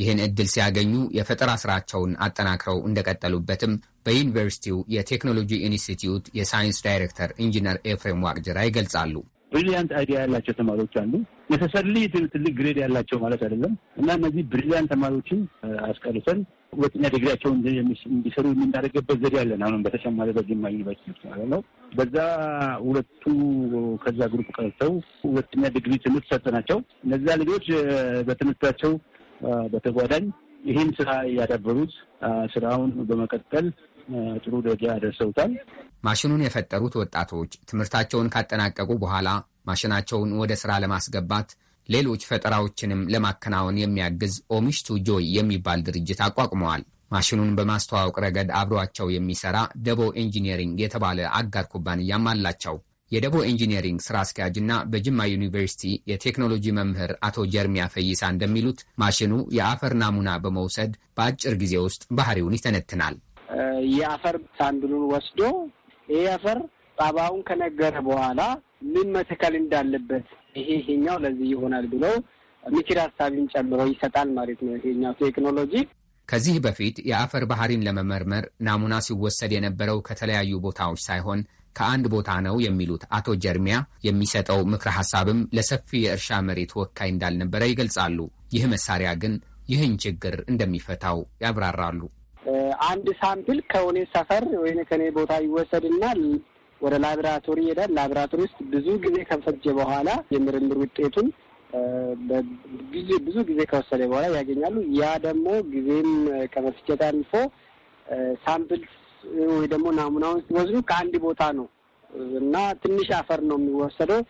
ይህን እድል ሲያገኙ የፈጠራ ስራቸውን አጠናክረው እንደቀጠሉበትም በዩኒቨርሲቲው የቴክኖሎጂ ኢንስቲትዩት የሳይንስ ዳይሬክተር ኢንጂነር ኤፍሬም ዋቅጅራ ይገልጻሉ። ብሪሊያንት አይዲያ ያላቸው ተማሪዎች አሉ። ነሰሰርሊ ትልቅ ግሬድ ያላቸው ማለት አይደለም እና እነዚህ ብሪሊያንት ተማሪዎችን አስቀርተን ሁለተኛ ዲግሪያቸውን እንዲሰሩ የምናደርገበት ዘዴ አለን። አሁንም በተጨማሪ በጅማ ዩኒቨርሲቲ ማለት ነው። በዛ ሁለቱ ከዛ ግሩፕ ቀርተው ሁለተኛ ዲግሪ ትምህርት ሰጠናቸው። እነዛ ልጆች በትምህርታቸው በተጓዳኝ ይህን ስራ እያዳበሩት ስራውን በመቀጠል ጥሩ ደረጃ ያደርሰውታል። ማሽኑን የፈጠሩት ወጣቶች ትምህርታቸውን ካጠናቀቁ በኋላ ማሽናቸውን ወደ ስራ ለማስገባት ሌሎች ፈጠራዎችንም ለማከናወን የሚያግዝ ኦሚሽቱ ጆይ የሚባል ድርጅት አቋቁመዋል። ማሽኑን በማስተዋወቅ ረገድ አብሯቸው የሚሰራ ደቦ ኢንጂኒሪንግ የተባለ አጋር ኩባንያም አላቸው። የደቦ ኢንጂኒሪንግ ስራ አስኪያጅና በጅማ ዩኒቨርሲቲ የቴክኖሎጂ መምህር አቶ ጀርሚያ ፈይሳ እንደሚሉት ማሽኑ የአፈር ናሙና በመውሰድ በአጭር ጊዜ ውስጥ ባህሪውን ይተነትናል። የአፈር ሳንድሉን ወስዶ ይህ አፈር ጣባውን ከነገረ በኋላ ምን መትከል እንዳለበት ይሄ ይሄኛው ለዚህ ይሆናል ብሎ ምክር ሀሳቢን ጨምሮ ይሰጣል ማለት ነው። ይሄኛው ቴክኖሎጂ ከዚህ በፊት የአፈር ባህሪን ለመመርመር ናሙና ሲወሰድ የነበረው ከተለያዩ ቦታዎች ሳይሆን ከአንድ ቦታ ነው የሚሉት አቶ ጀርሚያ የሚሰጠው ምክረ ሀሳብም ለሰፊ የእርሻ መሬት ወካይ እንዳልነበረ ይገልጻሉ። ይህ መሳሪያ ግን ይህን ችግር እንደሚፈታው ያብራራሉ። አንድ ሳምፕል ከሆኔ ሰፈር ወይ ከኔ ቦታ ይወሰድና ወደ ላብራቶሪ ይሄዳል። ላብራቶሪ ውስጥ ብዙ ጊዜ ከፈጀ በኋላ የምርምር ውጤቱን ጊዜ ብዙ ጊዜ ከወሰደ በኋላ ያገኛሉ። ያ ደግሞ ጊዜም ከመፍጀት አልፎ ሳምፕል ወይ ደግሞ ናሙናውን ሲወስዱ ከአንድ ቦታ ነው እና ትንሽ አፈር ነው የሚወሰደው።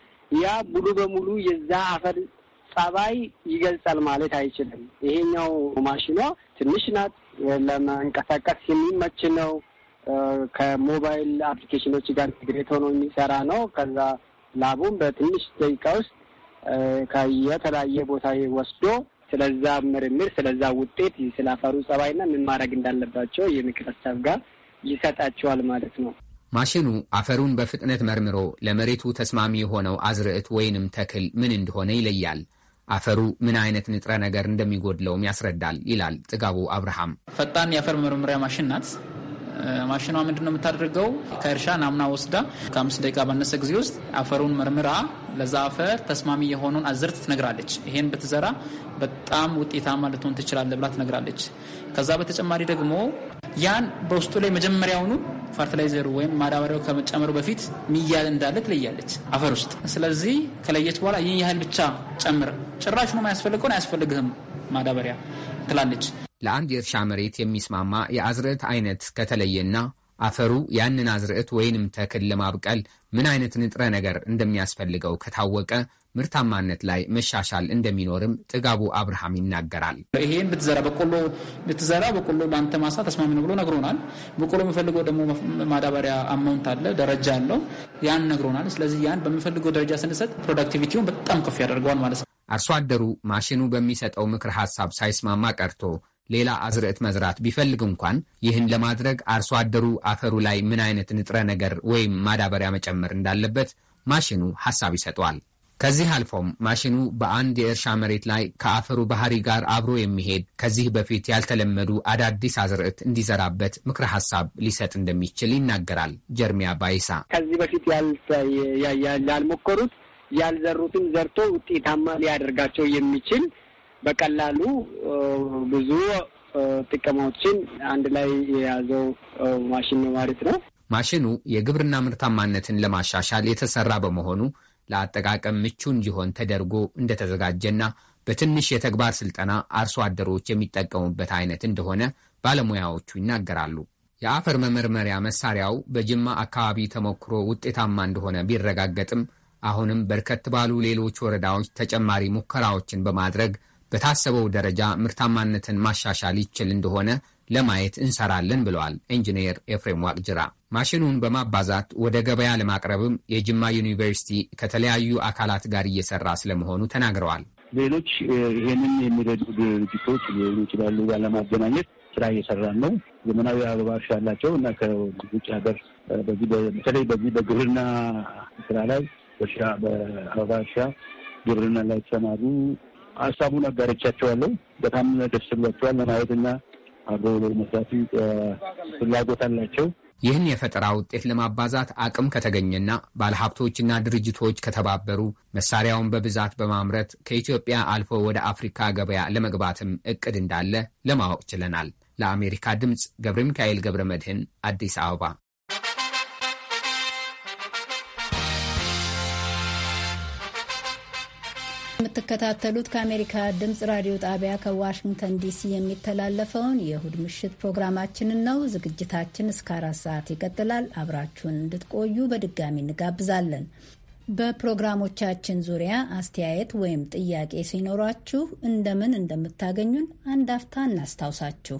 ያ ሙሉ በሙሉ የዛ አፈር ጸባይ ይገልጻል ማለት አይችልም። ይሄኛው ማሽኗ ትንሽ ናት። ለመንቀሳቀስ የሚመች ነው። ከሞባይል አፕሊኬሽኖች ጋር ኢንትግሬት ሆኖ የሚሰራ ነው። ከዛ ላቡን በትንሽ ደቂቃ ውስጥ ከየተለያየ ቦታ ወስዶ ስለዛ ምርምር፣ ስለዛ ውጤት፣ ስለ አፈሩ ጸባይና ምን ማድረግ እንዳለባቸው የምክር ሀሳብ ጋር ይሰጣቸዋል ማለት ነው። ማሽኑ አፈሩን በፍጥነት መርምሮ ለመሬቱ ተስማሚ የሆነው አዝርዕት ወይንም ተክል ምን እንደሆነ ይለያል። አፈሩ ምን አይነት ንጥረ ነገር እንደሚጎድለውም ያስረዳል ይላል ጥጋቡ አብርሃም። ፈጣን የአፈር መመርመሪያ ማሽን ናት። ማሽኗ ምንድነው የምታደርገው? ከእርሻ ናሙና ወስዳ ከአምስት ደቂቃ ባነሰ ጊዜ ውስጥ አፈሩን መርምራ ለዛ አፈር ተስማሚ የሆነውን አዝርት ትነግራለች። ይሄን ብትዘራ በጣም ውጤታማ ልትሆን ትችላለ ብላ ትነግራለች። ከዛ በተጨማሪ ደግሞ ያን በውስጡ ላይ መጀመሪያውኑ ፈርትላይዘሩ ወይም ማዳበሪያው ከመጨመሩ በፊት ሚያል እንዳለ ትለያለች አፈር ውስጥ። ስለዚህ ከለየች በኋላ ይህን ያህል ብቻ ጨምር፣ ጭራሽ ነው የማያስፈልገውን አያስፈልግህም ማዳበሪያ ትላለች። ለአንድ የእርሻ መሬት የሚስማማ የአዝርዕት አይነት ከተለየና አፈሩ ያንን አዝርዕት ወይንም ተክል ለማብቀል ምን አይነት ንጥረ ነገር እንደሚያስፈልገው ከታወቀ ምርታማነት ላይ መሻሻል እንደሚኖርም ጥጋቡ አብርሃም ይናገራል። ይሄን ብትዘራ በቆሎ ብትዘራ በቆሎ ለአንተ ማሳ ተስማሚ ነው ብሎ ነግሮናል። በቆሎ የምፈልገው ደግሞ ማዳበሪያ አማውንት አለ፣ ደረጃ አለው፣ ያን ነግሮናል። ስለዚህ ያን በሚፈልገው ደረጃ ስንሰጥ ፕሮዳክቲቪቲውን በጣም ከፍ ያደርገዋል ማለት ነው። አርሶ አደሩ ማሽኑ በሚሰጠው ምክር ሀሳብ ሳይስማማ ቀርቶ ሌላ አዝርዕት መዝራት ቢፈልግ እንኳን ይህን ለማድረግ አርሶ አደሩ አፈሩ ላይ ምን አይነት ንጥረ ነገር ወይም ማዳበሪያ መጨመር እንዳለበት ማሽኑ ሐሳብ ይሰጠዋል። ከዚህ አልፎም ማሽኑ በአንድ የእርሻ መሬት ላይ ከአፈሩ ባህሪ ጋር አብሮ የሚሄድ ከዚህ በፊት ያልተለመዱ አዳዲስ አዝርዕት እንዲዘራበት ምክረ ሀሳብ ሊሰጥ እንደሚችል ይናገራል። ጀርሚያ ባይሳ ከዚህ በፊት ያልሞከሩት ያልዘሩትን ዘርቶ ውጤታማ ሊያደርጋቸው የሚችል በቀላሉ ብዙ ጥቅሞችን አንድ ላይ የያዘው ማሽን ነው ማለት ነው። ማሽኑ የግብርና ምርታማነትን ለማሻሻል የተሰራ በመሆኑ ለአጠቃቀም ምቹ እንዲሆን ተደርጎ እንደተዘጋጀና በትንሽ የተግባር ስልጠና አርሶ አደሮች የሚጠቀሙበት አይነት እንደሆነ ባለሙያዎቹ ይናገራሉ። የአፈር መመርመሪያ መሳሪያው በጅማ አካባቢ ተሞክሮ ውጤታማ እንደሆነ ቢረጋገጥም አሁንም በርከት ባሉ ሌሎች ወረዳዎች ተጨማሪ ሙከራዎችን በማድረግ በታሰበው ደረጃ ምርታማነትን ማሻሻል ይችል እንደሆነ ለማየት እንሰራለን ብለዋል ኢንጂነር ኤፍሬም ዋቅጅራ። ማሽኑን በማባዛት ወደ ገበያ ለማቅረብም የጅማ ዩኒቨርሲቲ ከተለያዩ አካላት ጋር እየሰራ ስለመሆኑ ተናግረዋል። ሌሎች ይህንን የሚረዱ ድርጅቶች ሊሆኑ ይችላሉ ጋር ለማገናኘት ስራ እየሰራን ነው። ዘመናዊ አበባ እርሻ ያላቸው እና ከውጭ ሀገር በተለይ በዚህ በግብርና ስራ ላይ በአበባ እርሻ ግብርና ላይ የተሰማሩ ሀሳቡን አጋርቻቸዋለሁ። በጣም ደስ ብሏቸዋል። ለማየትና አብሮ መስራት ፍላጎት አላቸው። ይህን የፈጠራ ውጤት ለማባዛት አቅም ከተገኘና ባለሀብቶችና ድርጅቶች ከተባበሩ መሳሪያውን በብዛት በማምረት ከኢትዮጵያ አልፎ ወደ አፍሪካ ገበያ ለመግባትም እቅድ እንዳለ ለማወቅ ችለናል። ለአሜሪካ ድምፅ ገብረ ሚካኤል ገብረ መድህን አዲስ አበባ። የምትከታተሉት ከአሜሪካ ድምፅ ራዲዮ ጣቢያ ከዋሽንግተን ዲሲ የሚተላለፈውን የእሁድ ምሽት ፕሮግራማችንን ነው። ዝግጅታችን እስከ አራት ሰዓት ይቀጥላል። አብራችሁን እንድትቆዩ በድጋሚ እንጋብዛለን። በፕሮግራሞቻችን ዙሪያ አስተያየት ወይም ጥያቄ ሲኖሯችሁ እንደምን እንደምታገኙን አንድ አፍታ እናስታውሳችሁ።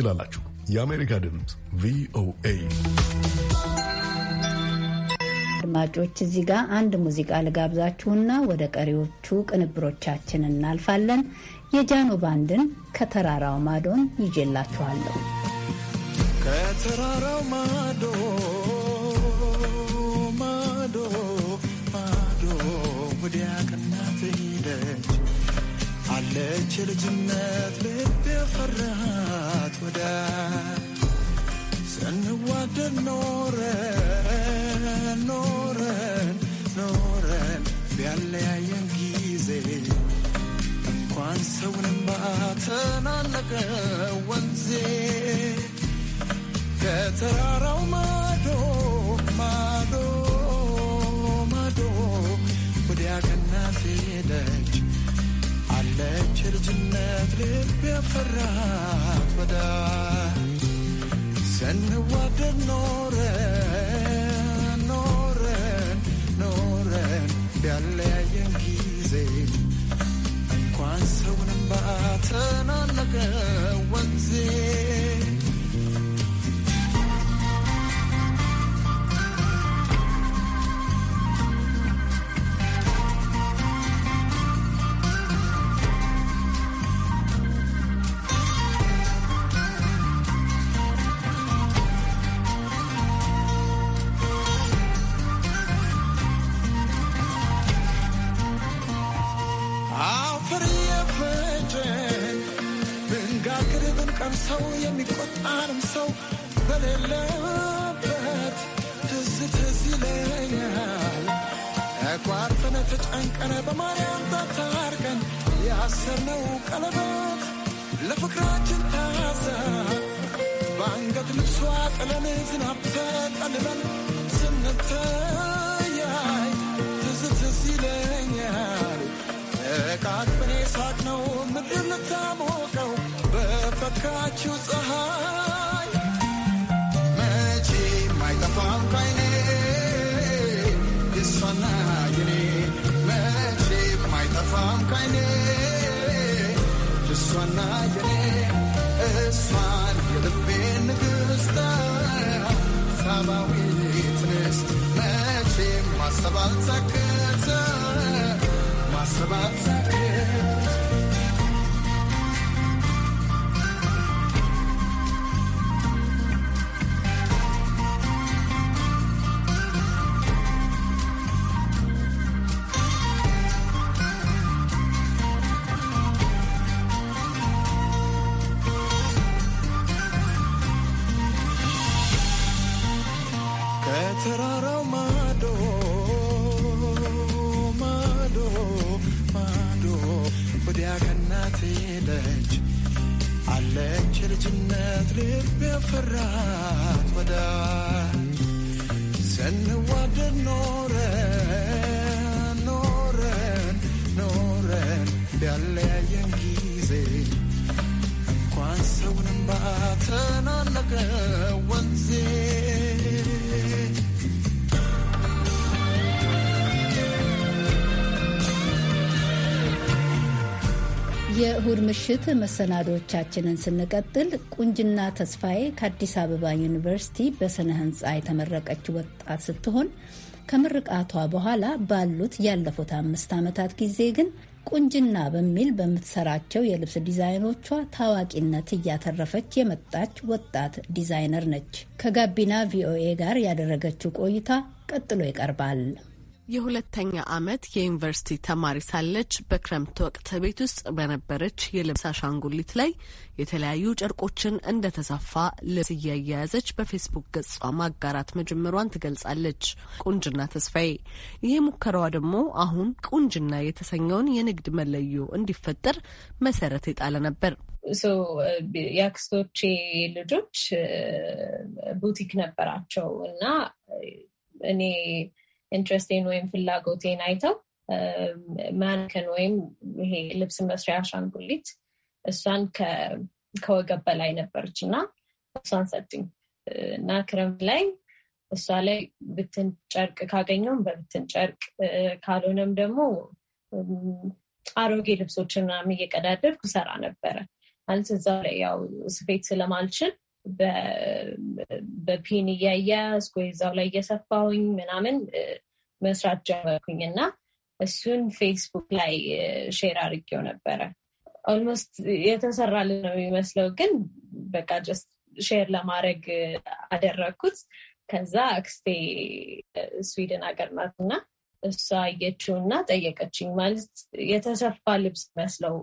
ትችላላችሁ። የአሜሪካ ድምፅ ቪኦኤ አድማጮች፣ እዚህ ጋር አንድ ሙዚቃ ልጋብዛችሁና ወደ ቀሪዎቹ ቅንብሮቻችን እናልፋለን። የጃኖ ባንድን ከተራራው ማዶን ይዤላችኋለሁ። ከተራራው ማዶ ማዶ ማዶ ወዲያ አለች የልጅነት ልብ የፈራሃት ወዳት ስንዋደድ ኖረን ኖረን ኖረን ቢያለያየን ጊዜ እንኳን ሰውንም ባተናነቀው ወንዜ ከተራራው ማዶ ማዶ ማዶ ወዲያ ቀናት ሄደች ለችልጅነት ልብ ያፈራት ወዳጅ ስንዋደድ ኖረን ኖረን ኖረን ያለያየን ጊዜ እንኳን ሰውንም ባተናነቀ ወንዜ ቀምሰው የሚቆጣንም ሰው በሌለበት ትዝ ትዝ ይለኛል። ተቋርፈነ ተጨንቀነ በማርያም ታታርቀን ያሰርነው ቀለበት ለፍቅራችን ታዘ በአንገት ልብሷ ጥለን ዝናብ ተጠልለን ስንተያይ ትዝ ትዝ ይለኛል። ተቃቅፈኔ ሳቅ ነው ምድር ልታሞቀው ያመካችሁ ፀሐይ መቼ ማይጠፋም ካይኔ እሷና የኔ መቼ ማይጠፋም ካይኔ እሷና የኔ እሷን የልቤ ንግስት ሳባዊት ንስት መቼም ማሰባት ሰክተ ማሰባት ያለች ልጅነት ልብ ያፈራት ወዳጅ ስንዋደድ ኖረን ኖረን ኖረን ያለያየን ጊዜ እንኳን ሰውንም ባተናነቀ ወንዜ የእሁድ ምሽት መሰናዶቻችንን ስንቀጥል ቁንጅና ተስፋዬ ከአዲስ አበባ ዩኒቨርሲቲ በስነ ህንፃ የተመረቀች ወጣት ስትሆን ከምርቃቷ በኋላ ባሉት ያለፉት አምስት ዓመታት ጊዜ ግን ቁንጅና በሚል በምትሰራቸው የልብስ ዲዛይኖቿ ታዋቂነት እያተረፈች የመጣች ወጣት ዲዛይነር ነች። ከጋቢና ቪኦኤ ጋር ያደረገችው ቆይታ ቀጥሎ ይቀርባል። የሁለተኛ ዓመት የዩኒቨርሲቲ ተማሪ ሳለች በክረምት ወቅት ቤት ውስጥ በነበረች የልብስ አሻንጉሊት ላይ የተለያዩ ጨርቆችን እንደተሰፋ ልብስ እያያያዘች በፌስቡክ ገጿ ማጋራት መጀመሯን ትገልጻለች። ቁንጅና ተስፋዬ ይሄ ሙከራዋ ደግሞ አሁን ቁንጅና የተሰኘውን የንግድ መለዮ እንዲፈጠር መሰረት የጣለ ነበር። የአክስቶቼ ልጆች ቡቲክ ነበራቸው እና እኔ ኢንትረስቴን ወይም ፍላጎቴን አይተው ማንከን ወይም ይሄ ልብስ መስሪያ አሻንጉሊት እሷን ከወገብ በላይ ነበረች እና እሷን ሰጡኝ እና ክረምት ላይ እሷ ላይ ብትን ጨርቅ ካገኘውም በብትን ጨርቅ ካልሆነም ደግሞ አሮጌ ልብሶችን ምናምን እየቀዳደርኩ ሰራ ነበረ። ማለት እዛ ላይ ያው ስፌት ስለማልችል በፒን እያያዝኩ እዛው ላይ እየሰፋውኝ ምናምን መስራት ጀመርኩኝ እና እሱን ፌስቡክ ላይ ሼር አድርጌው ነበረ። ኦልሞስት የተሰራልን ነው የሚመስለው፣ ግን በቃ ጀስት ሼር ለማድረግ አደረግኩት። ከዛ አክስቴ ስዊድን ሀገር ናት እና እሷ አየችው እና ጠየቀችኝ። ማለት የተሰፋ ልብስ መስለው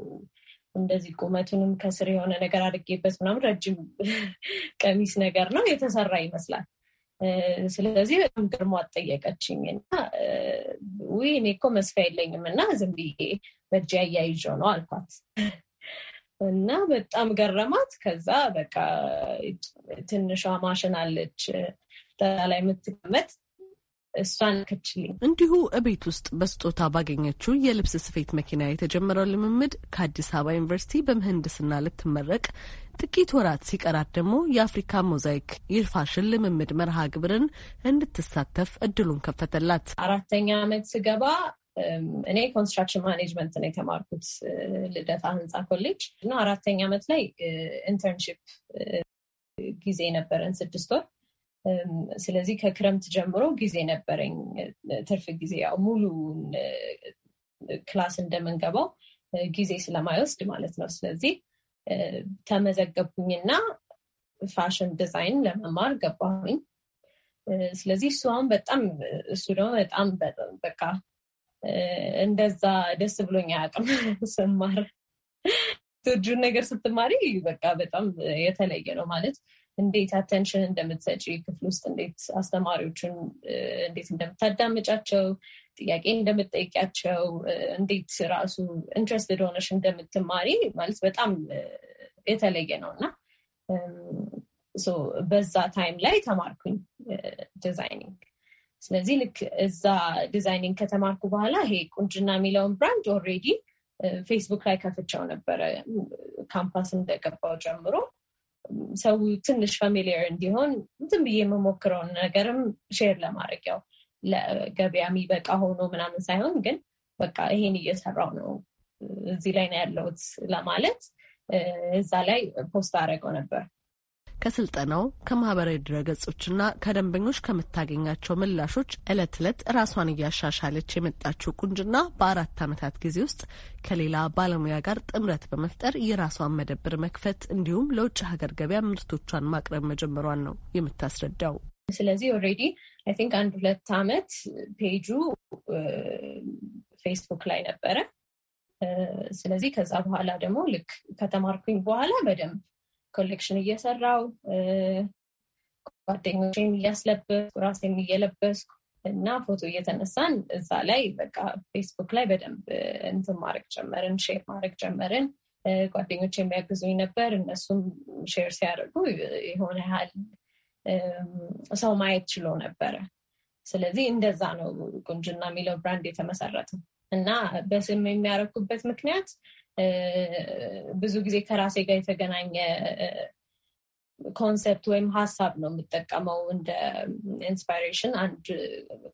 እንደዚህ ቁመቱንም ከስር የሆነ ነገር አድርጌበት ምናምን ረጅም ቀሚስ ነገር ነው የተሰራ ይመስላል። ስለዚህ በጣም ግርሞ አጠየቀችኝ እና ውይ እኔ እኮ መስፊያ የለኝም እና ዝም ብዬ በእጅ አያይዤ ነው አልኳት እና በጣም ገረማት። ከዛ በቃ ትንሿ ማሽን አለች ላይ የምትቀመጥ እሷን ከችልኝ። እንዲሁ እቤት ውስጥ በስጦታ ባገኘችው የልብስ ስፌት መኪና የተጀመረው ልምምድ ከአዲስ አበባ ዩኒቨርሲቲ በምህንድስና ልትመረቅ ጥቂት ወራት ሲቀራት ደግሞ የአፍሪካ ሞዛይክ የፋሽን ልምምድ መርሃ ግብርን እንድትሳተፍ እድሉን ከፈተላት። አራተኛ ዓመት ስገባ እኔ ኮንስትራክሽን ማኔጅመንት ነው የተማርኩት ልደታ ህንፃ ኮሌጅ እና አራተኛ ዓመት ላይ ኢንተርንሽፕ ጊዜ ነበረን ስድስት ወር ስለዚህ ከክረምት ጀምሮ ጊዜ ነበረኝ፣ ትርፍ ጊዜ ያው ሙሉ ክላስ እንደምንገባው ጊዜ ስለማይወስድ ማለት ነው። ስለዚህ ተመዘገብኩኝና ፋሽን ዲዛይን ለመማር ገባሁኝ። ስለዚህ እሱ አሁን በጣም እሱ ደግሞ በጣም በቃ እንደዛ ደስ ብሎኝ አያውቅም ስማር። ትወጂውን ነገር ስትማሪ በቃ በጣም የተለየ ነው ማለት እንዴት አቴንሽን እንደምትሰጪ ክፍል ውስጥ እንዴት አስተማሪዎቹን እንዴት እንደምታዳምጫቸው ጥያቄ እንደምትጠይቂያቸው እንዴት ራሱ ኢንትረስትድ ሆነሽ እንደምትማሪ ማለት በጣም የተለየ ነው እና በዛ ታይም ላይ ተማርኩኝ ዲዛይኒንግ። ስለዚህ ልክ እዛ ዲዛይኒንግ ከተማርኩ በኋላ ይሄ ቁንጅና የሚለውን ብራንድ ኦልሬዲ ፌስቡክ ላይ ከፍቻው ነበረ ካምፓስ እንደገባው ጀምሮ ሰው ትንሽ ፋሚሊየር እንዲሆን ዝም ብዬ የምሞክረውን ነገርም ሼር ለማድረግ ያው ለገበያ የሚበቃ ሆኖ ምናምን ሳይሆን ግን በቃ ይሄን እየሰራው ነው እዚህ ላይ ነው ያለሁት ለማለት እዛ ላይ ፖስት አድረገው ነበር። ከስልጠናው ከማህበራዊ ድረገጾችና ከደንበኞች ከምታገኛቸው ምላሾች ዕለት ዕለት ራሷን እያሻሻለች የመጣችው ቁንጅና በአራት ዓመታት ጊዜ ውስጥ ከሌላ ባለሙያ ጋር ጥምረት በመፍጠር የራሷን መደብር መክፈት እንዲሁም ለውጭ ሀገር ገበያ ምርቶቿን ማቅረብ መጀመሯን ነው የምታስረዳው። ስለዚህ ኦልሬዲ አይ ቲንክ አንድ ሁለት ዓመት ፔጁ ፌስቡክ ላይ ነበረ። ስለዚህ ከዛ በኋላ ደግሞ ልክ ከተማርኩኝ በኋላ በደንብ ኮሌክሽን እየሰራው ጓደኞቼን እያስለበስኩ ራሴም እየለበስኩ እና ፎቶ እየተነሳን እዛ ላይ በቃ ፌስቡክ ላይ በደንብ እንትን ማድረግ ጀመርን፣ ሼር ማድረግ ጀመርን። ጓደኞች የሚያግዙኝ ነበር። እነሱም ሼር ሲያደርጉ የሆነ ያህል ሰው ማየት ችሎ ነበረ። ስለዚህ እንደዛ ነው ቁንጅና የሚለው ብራንድ የተመሰረተው እና በስም የሚያረኩበት ምክንያት ብዙ ጊዜ ከራሴ ጋር የተገናኘ ኮንሰፕት ወይም ሀሳብ ነው የምጠቀመው እንደ ኢንስፓይሬሽን አንድ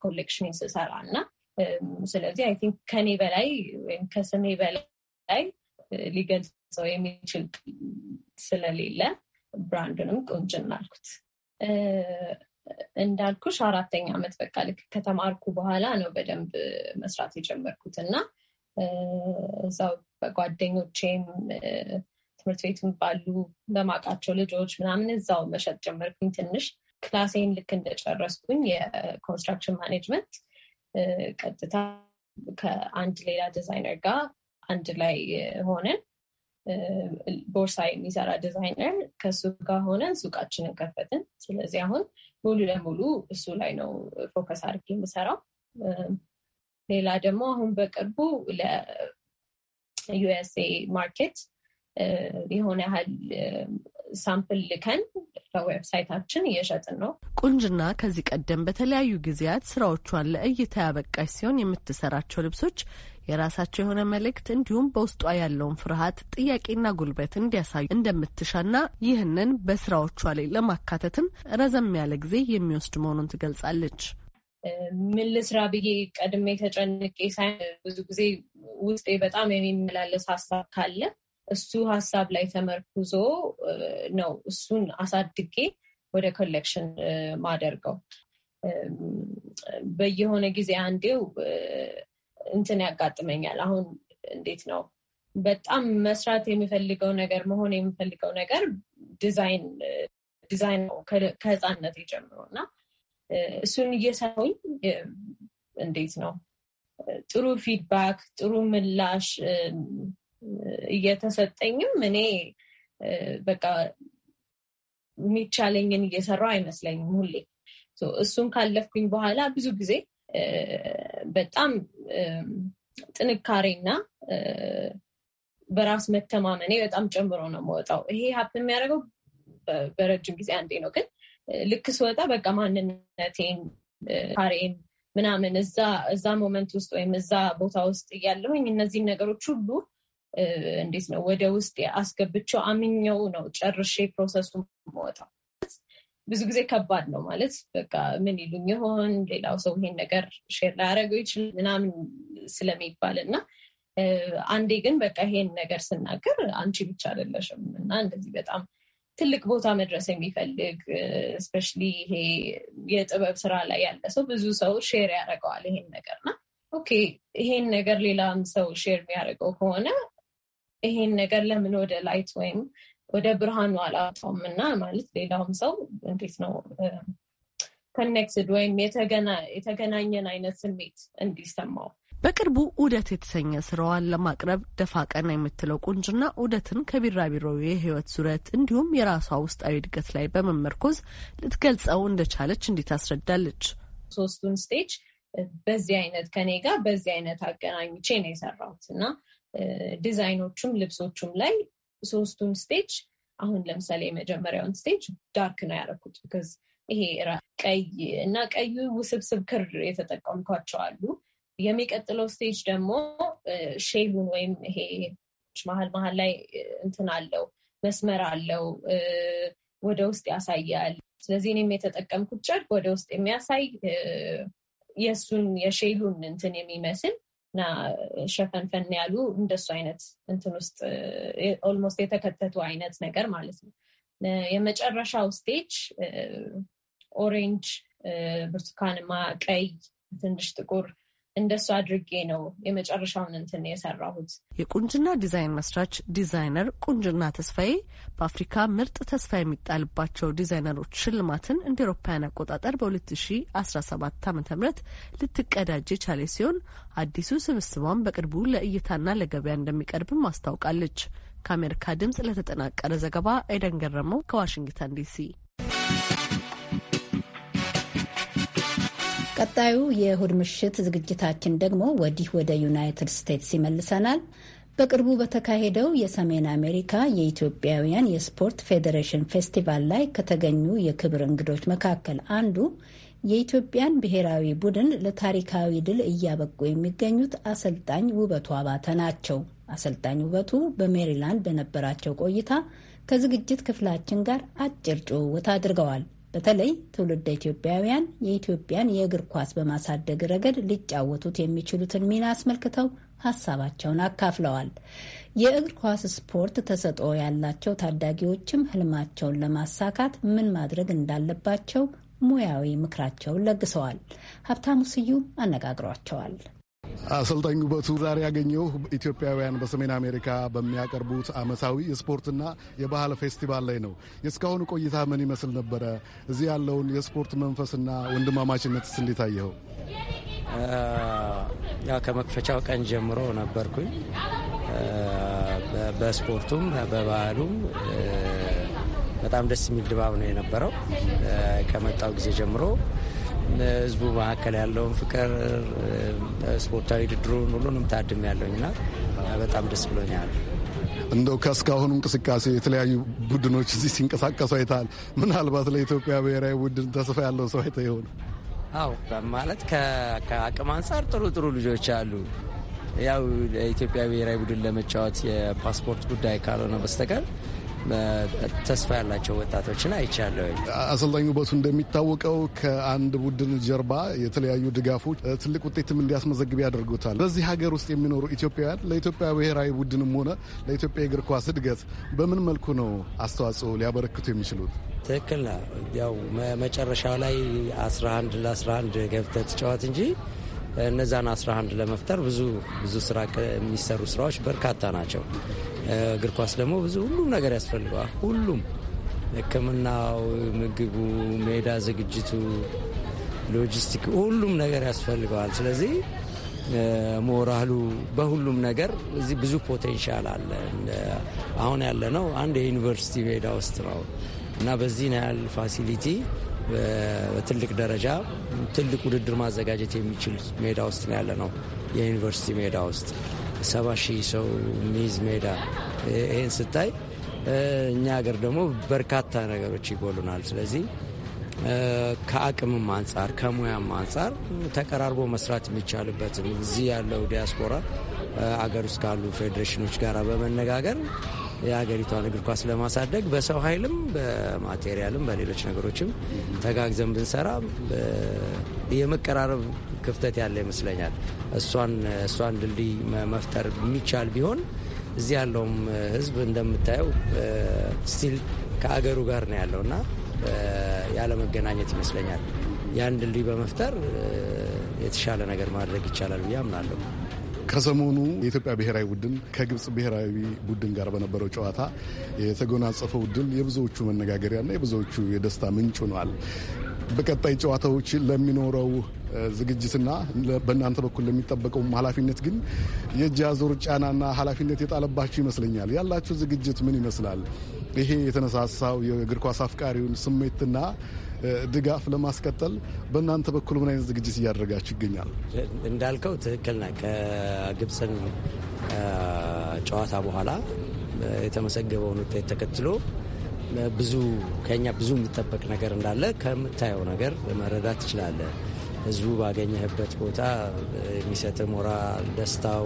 ኮሌክሽን ስሰራ እና ስለዚህ አይ ቲንክ ከኔ በላይ ወይም ከስሜ በላይ ሊገልጸው የሚችል ስለሌለ ብራንድንም ቁንጭ እናልኩት። እንዳልኩሽ አራተኛ ዓመት በቃ ልክ ከተማርኩ በኋላ ነው በደንብ መስራት የጀመርኩት እና እዛው በጓደኞቼም ትምህርት ቤትም ባሉ በማውቃቸው ልጆች ምናምን እዛው መሸጥ ጀመርኩኝ። ትንሽ ክላሴን ልክ እንደጨረስኩኝ የኮንስትራክሽን ማኔጅመንት ቀጥታ ከአንድ ሌላ ዲዛይነር ጋር አንድ ላይ ሆነን ቦርሳ የሚሰራ ዲዛይነር ከሱ ጋር ሆነን ሱቃችንን ከፈትን። ስለዚህ አሁን ሙሉ ለሙሉ እሱ ላይ ነው ፎከስ አድርጌ የምሰራው። ሌላ ደግሞ አሁን በቅርቡ ዩኤስኤ ማርኬት የሆነ ያህል ሳምፕል ልከን በዌብሳይታችን እየሸጥን ነው። ቁንጅና ከዚህ ቀደም በተለያዩ ጊዜያት ስራዎቿን ለእይታ ያበቃች ሲሆን የምትሰራቸው ልብሶች የራሳቸው የሆነ መልእክት እንዲሁም በውስጧ ያለውን ፍርሃት፣ ጥያቄና ጉልበት እንዲያሳዩ እንደምትሻና ይህንን በስራዎቿ ላይ ለማካተትም ረዘም ያለ ጊዜ የሚወስድ መሆኑን ትገልጻለች። ምን ልስራ ብዬ ቀድሜ ተጨንቄ ሳይሆን ብዙ ጊዜ ውስጤ በጣም የሚመላለስ ሀሳብ ካለ እሱ ሀሳብ ላይ ተመርኩዞ ነው እሱን አሳድጌ ወደ ኮሌክሽን ማደርገው። በየሆነ ጊዜ አንዴው እንትን ያጋጥመኛል። አሁን እንዴት ነው በጣም መስራት የሚፈልገው ነገር መሆን የሚፈልገው ነገር ዲዛይን ዲዛይን ነው ከህፃንነት የጀምሮ እና እሱን እየሰራሁኝ እንዴት ነው ጥሩ ፊድባክ ጥሩ ምላሽ እየተሰጠኝም እኔ በቃ የሚቻለኝን እየሰራው አይመስለኝም ሁሌ። እሱን ካለፍኩኝ በኋላ ብዙ ጊዜ በጣም ጥንካሬና በራስ መተማመኔ በጣም ጨምሮ ነው የምወጣው። ይሄ ሀብት የሚያደርገው በረጅም ጊዜ አንዴ ነው፣ ግን ልክ ስወጣ በቃ ማንነቴን ታሬን ምናምን እዛ እዛ ሞመንት ውስጥ ወይም እዛ ቦታ ውስጥ እያለሁኝ እነዚህን ነገሮች ሁሉ እንዴት ነው ወደ ውስጥ አስገብቸው አምኘው ነው ጨርሼ ፕሮሰሱ መወጣው። ብዙ ጊዜ ከባድ ነው ማለት በቃ ምን ይሉኝ ይሆን ሌላው ሰው ይሄን ነገር ሼር ላያደረገው ይችል ምናምን ስለሚባል እና አንዴ ግን በቃ ይሄን ነገር ስናገር አንቺ ብቻ አይደለሽም እና እንደዚህ በጣም ትልቅ ቦታ መድረስ የሚፈልግ እስፔሻሊ ይሄ የጥበብ ስራ ላይ ያለ ሰው ብዙ ሰው ሼር ያደርገዋል ይሄን ና ኦኬ ይሄን ነገር ሌላም ሰው ሼር የሚያደርገው ከሆነ ይሄን ነገር ለምን ወደ ላይት ወይም ወደ ብርሃኑ አላውጣውም እና ማለት ሌላውም ሰው እንዴት ነው ኮኔክትድ um, ወይም የተገናኘን አይነት ስሜት እንዲሰማው በቅርቡ ዑደት የተሰኘ ስራዋን ለማቅረብ ደፋ ቀና የምትለው ቁንጅና ዑደትን ከቢራቢሮው የህይወት ዙረት እንዲሁም የራሷ ውስጣዊ እድገት ላይ በመመርኮዝ ልትገልጸው እንደቻለች እንዲህ ታስረዳለች። ሶስቱን ስቴጅ በዚህ አይነት ከኔ ጋር በዚህ አይነት አገናኝቼ ነው የሰራሁት እና ዲዛይኖቹም ልብሶቹም ላይ ሶስቱን ስቴጅ አሁን ለምሳሌ የመጀመሪያውን ስቴጅ ዳርክ ነው ያደረኩት። ቢካዝ ይሄ ቀይ እና ቀዩ ውስብስብ ክር የተጠቀምኳቸው አሉ የሚቀጥለው ስቴጅ ደግሞ ሼሉን ወይም ይሄ መሀል መሀል ላይ እንትን አለው መስመር አለው ወደ ውስጥ ያሳያል። ስለዚህ እኔም የተጠቀምኩት ጨርቅ ወደ ውስጥ የሚያሳይ የእሱን የሼሉን እንትን የሚመስል እና ሸፈንፈን ያሉ እንደሱ አይነት እንትን ውስጥ ኦልሞስት የተከተቱ አይነት ነገር ማለት ነው። የመጨረሻው ስቴጅ ኦሬንጅ፣ ብርቱካንማ፣ ቀይ፣ ትንሽ ጥቁር እንደሱ አድርጌ ነው የመጨረሻውን እንትን የሰራሁት። የቁንጅና ዲዛይን መስራች ዲዛይነር ቁንጅና ተስፋዬ በአፍሪካ ምርጥ ተስፋ የሚጣልባቸው ዲዛይነሮች ሽልማትን እንደ ኤሮፓያን አቆጣጠር በ2017 ዓ ም ልትቀዳጅ የቻለ ሲሆን አዲሱ ስብስቧን በቅርቡ ለእይታና ለገበያ እንደሚቀርብም አስታውቃለች። ከአሜሪካ ድምጽ ለተጠናቀረ ዘገባ ኤደን ገረመው ከዋሽንግተን ዲሲ ቀጣዩ የእሁድ ምሽት ዝግጅታችን ደግሞ ወዲህ ወደ ዩናይትድ ስቴትስ ይመልሰናል። በቅርቡ በተካሄደው የሰሜን አሜሪካ የኢትዮጵያውያን የስፖርት ፌዴሬሽን ፌስቲቫል ላይ ከተገኙ የክብር እንግዶች መካከል አንዱ የኢትዮጵያን ብሔራዊ ቡድን ለታሪካዊ ድል እያበቁ የሚገኙት አሰልጣኝ ውበቱ አባተ ናቸው። አሰልጣኝ ውበቱ በሜሪላንድ በነበራቸው ቆይታ ከዝግጅት ክፍላችን ጋር አጭር ጭውውት አድርገዋል። በተለይ ትውልደ ኢትዮጵያውያን የኢትዮጵያን የእግር ኳስ በማሳደግ ረገድ ሊጫወቱት የሚችሉትን ሚና አስመልክተው ሀሳባቸውን አካፍለዋል። የእግር ኳስ ስፖርት ተሰጥኦ ያላቸው ታዳጊዎችም ህልማቸውን ለማሳካት ምን ማድረግ እንዳለባቸው ሙያዊ ምክራቸውን ለግሰዋል። ሀብታሙ ስዩም አነጋግሯቸዋል። አሰልጣኝ ውበቱ ዛሬ ያገኘው ኢትዮጵያውያን በሰሜን አሜሪካ በሚያቀርቡት አመታዊ የስፖርትና የባህል ፌስቲቫል ላይ ነው። የእስካሁኑ ቆይታ ምን ይመስል ነበረ? እዚህ ያለውን የስፖርት መንፈስና ወንድማማችነትስ እንዴት አየኸው? ያው ከመክፈቻው ቀን ጀምሮ ነበርኩኝ። በስፖርቱም በባህሉም በጣም ደስ የሚል ድባብ ነው የነበረው ከመጣው ጊዜ ጀምሮ ህዝቡ መካከል ያለውን ፍቅር፣ ስፖርታዊ ውድድሩን ሁሉንም ታድም ያለውኝና በጣም ደስ ብሎኛል። እንደው ከእስካሁኑ እንቅስቃሴ የተለያዩ ቡድኖች እዚህ ሲንቀሳቀሱ አይተሃል። ምናልባት ለኢትዮጵያ ብሔራዊ ቡድን ተስፋ ያለው ሰው አይተ ይሆን? አዎ ማለት ከአቅም አንጻር ጥሩ ጥሩ ልጆች አሉ። ያው ለኢትዮጵያ ብሔራዊ ቡድን ለመጫወት የፓስፖርት ጉዳይ ካልሆነ በስተቀር ተስፋ ያላቸው ወጣቶችን አይቻለሁ። አሰልጣኝ ውበቱ እንደሚታወቀው ከአንድ ቡድን ጀርባ የተለያዩ ድጋፎች ትልቅ ውጤትም እንዲያስመዘግብ ያደርጉታል። በዚህ ሀገር ውስጥ የሚኖሩ ኢትዮጵያውያን ለኢትዮጵያ ብሔራዊ ቡድንም ሆነ ለኢትዮጵያ የእግር ኳስ እድገት በምን መልኩ ነው አስተዋጽኦ ሊያበረክቱ የሚችሉት? ትክክል ነው። ያው መጨረሻው ላይ 11 ለ11 ገብተህ ትጫወት እንጂ እነዛን 11 ለመፍጠር ብዙ ብዙ ስራ የሚሰሩ ስራዎች በርካታ ናቸው። እግር ኳስ ደግሞ ብዙ ሁሉም ነገር ያስፈልገዋል። ሁሉም ሕክምናው፣ ምግቡ፣ ሜዳ ዝግጅቱ፣ ሎጂስቲክ፣ ሁሉም ነገር ያስፈልገዋል። ስለዚህ ሞራሉ በሁሉም ነገር እዚህ ብዙ ፖቴንሻል አለ። አሁን ያለ ነው አንድ የዩኒቨርሲቲ ሜዳ ውስጥ ነው እና በዚህ ነው ያህል ፋሲሊቲ በትልቅ ደረጃ ትልቅ ውድድር ማዘጋጀት የሚችል ሜዳ ውስጥ ነው ያለ ነው የዩኒቨርሲቲ ሜዳ ውስጥ ሰባ ሺህ ሰው ሚዝ ሜዳ ይህን ስታይ እኛ ሀገር ደግሞ በርካታ ነገሮች ይጎሉናል። ስለዚህ ከአቅምም አንጻር ከሙያም አንጻር ተቀራርቦ መስራት የሚቻልበትን እዚህ ያለው ዲያስፖራ አገር ውስጥ ካሉ ፌዴሬሽኖች ጋር በመነጋገር የሀገሪቷን እግር ኳስ ለማሳደግ በሰው ኃይልም በማቴሪያልም በሌሎች ነገሮችም ተጋግዘን ብንሰራ የመቀራረብ ክፍተት ያለ ይመስለኛል። እሷን እሷን ድልድይ መፍጠር የሚቻል ቢሆን እዚህ ያለውም ህዝብ እንደምታየው ስቲል ከአገሩ ጋር ነው ያለው እና ያለመገናኘት ይመስለኛል። ያን ድልድይ በመፍጠር የተሻለ ነገር ማድረግ ይቻላል ብዬ አምናለሁ። ከሰሞኑ የኢትዮጵያ ብሔራዊ ቡድን ከግብፅ ብሔራዊ ቡድን ጋር በነበረው ጨዋታ የተጎናጸፈው ድል የብዙዎቹ መነጋገሪያና የብዙዎቹ የደስታ ምንጭ ሆኗል። በቀጣይ ጨዋታዎች ለሚኖረው ዝግጅትና በእናንተ በኩል ለሚጠበቀው ኃላፊነት ግን የእጅ ጫናና ኃላፊነት የጣለባችሁ ይመስለኛል። ያላችሁ ዝግጅት ምን ይመስላል? ይሄ የተነሳሳው የእግር ኳስ አፍቃሪውን ስሜትና ድጋፍ ለማስቀጠል በእናንተ በኩል ምን አይነት ዝግጅት እያደረጋችሁ ይገኛል? እንዳልከው ትክክል ነህ። ከግብፅን ጨዋታ በኋላ የተመዘገበውን ውጤት ተከትሎ ብዙ ከኛ ብዙ የሚጠበቅ ነገር እንዳለ ከምታየው ነገር መረዳት ትችላለህ። ህዝቡ ባገኘህበት ቦታ የሚሰጥ ሞራል፣ ደስታው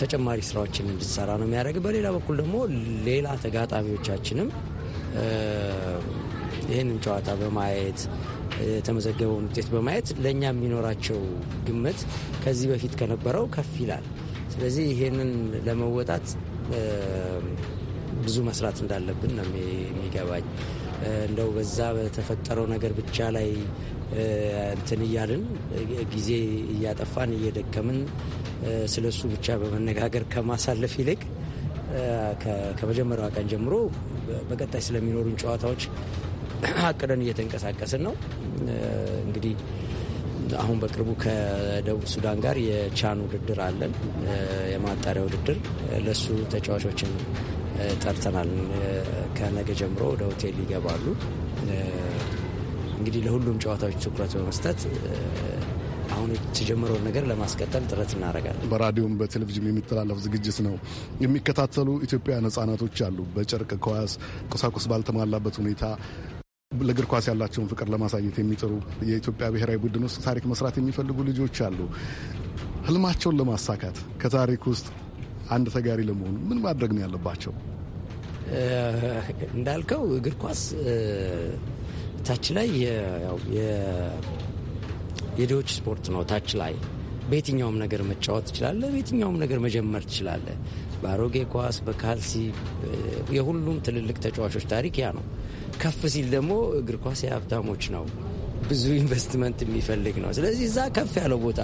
ተጨማሪ ስራዎችን እንድትሰራ ነው የሚያደርግ። በሌላ በኩል ደግሞ ሌላ ተጋጣሚዎቻችንም ይህንን ጨዋታ በማየት የተመዘገበውን ውጤት በማየት ለእኛ የሚኖራቸው ግምት ከዚህ በፊት ከነበረው ከፍ ይላል። ስለዚህ ይህንን ለመወጣት ብዙ መስራት እንዳለብን ነው የሚገባኝ። እንደው በዛ በተፈጠረው ነገር ብቻ ላይ እንትን እያልን ጊዜ እያጠፋን እየደከምን ስለ እሱ ብቻ በመነጋገር ከማሳለፍ ይልቅ ከመጀመሪያዋ ቀን ጀምሮ በቀጣይ ስለሚኖሩን ጨዋታዎች አቅደን እየተንቀሳቀስን ነው። እንግዲህ አሁን በቅርቡ ከደቡብ ሱዳን ጋር የቻን ውድድር አለን፣ የማጣሪያ ውድድር። ለሱ ተጫዋቾችን ጠርተናል። ከነገ ጀምሮ ወደ ሆቴል ይገባሉ። እንግዲህ ለሁሉም ጨዋታዎች ትኩረት በመስጠት አሁን የተጀመረውን ነገር ለማስቀጠል ጥረት እናደርጋለን። በራዲዮም በቴሌቪዥን የሚተላለፍ ዝግጅት ነው። የሚከታተሉ ኢትዮጵያውያን ህጻናቶች አሉ። በጨርቅ ከዋስ ቁሳቁስ ባልተሟላበት ሁኔታ ለእግር ኳስ ያላቸውን ፍቅር ለማሳየት የሚጥሩ የኢትዮጵያ ብሔራዊ ቡድን ውስጥ ታሪክ መስራት የሚፈልጉ ልጆች አሉ። ህልማቸውን ለማሳካት ከታሪክ ውስጥ አንድ ተጋሪ ለመሆኑ ምን ማድረግ ነው ያለባቸው? እንዳልከው እግር ኳስ ታች ላይ የድሆች ስፖርት ነው። ታች ላይ በየትኛውም ነገር መጫወት ትችላለህ። በየትኛውም ነገር መጀመር ትችላለህ። በአሮጌ ኳስ፣ በካልሲ የሁሉም ትልልቅ ተጫዋቾች ታሪክ ያ ነው። ከፍ ሲል ደግሞ እግር ኳስ የሀብታሞች ነው። ብዙ ኢንቨስትመንት የሚፈልግ ነው። ስለዚህ እዛ ከፍ ያለው ቦታ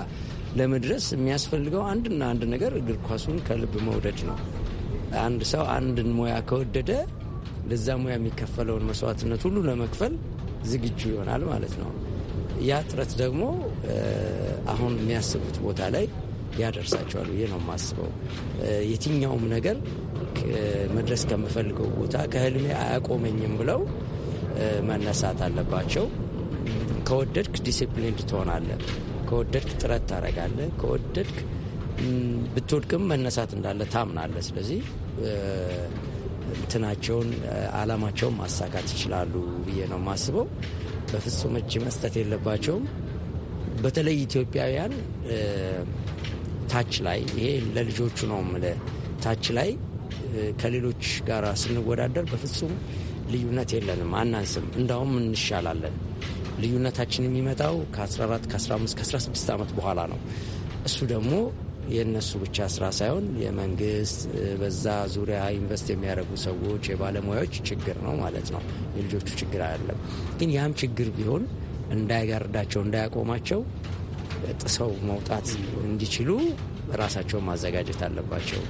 ለመድረስ የሚያስፈልገው አንድና አንድ ነገር እግር ኳሱን ከልብ መውደድ ነው። አንድ ሰው አንድን ሙያ ከወደደ ለዛ ሙያ የሚከፈለውን መስዋዕትነት ሁሉ ለመክፈል ዝግጁ ይሆናል ማለት ነው። ያ ጥረት ደግሞ አሁን የሚያስቡት ቦታ ላይ ያደርሳቸዋል ብዬ ነው የማስበው። የትኛውም ነገር መድረስ ከምፈልገው ቦታ ከህልሜ አያቆመኝም ብለው መነሳት አለባቸው። ከወደድክ ዲሲፕሊን ትሆናለህ። ከወደድክ ጥረት ታደርጋለህ። ከወደድክ ብትወድቅም መነሳት እንዳለ ታምናለህ። ስለዚህ እንትናቸውን አላማቸውን ማሳካት ይችላሉ ብዬ ነው የማስበው። በፍጹም እጅ መስጠት የለባቸውም። በተለይ ኢትዮጵያውያን ታች ላይ ይሄ ለልጆቹ ነው የምልህ። ታች ላይ ከሌሎች ጋር ስንወዳደር በፍጹም ልዩነት የለንም፣ አናንስም፣ እንዳውም እንሻላለን። ልዩነታችን የሚመጣው ከ14 ከ15 ከ16 ዓመት በኋላ ነው። እሱ ደግሞ የእነሱ ብቻ ስራ ሳይሆን የመንግስት በዛ ዙሪያ ኢንቨስት የሚያደርጉ ሰዎች፣ የባለሙያዎች ችግር ነው ማለት ነው። የልጆቹ ችግር አይደለም። ግን ያም ችግር ቢሆን እንዳይጋርዳቸው፣ እንዳያቆማቸው ጥሰው መውጣት እንዲችሉ ራሳቸውን ማዘጋጀት አለባቸው።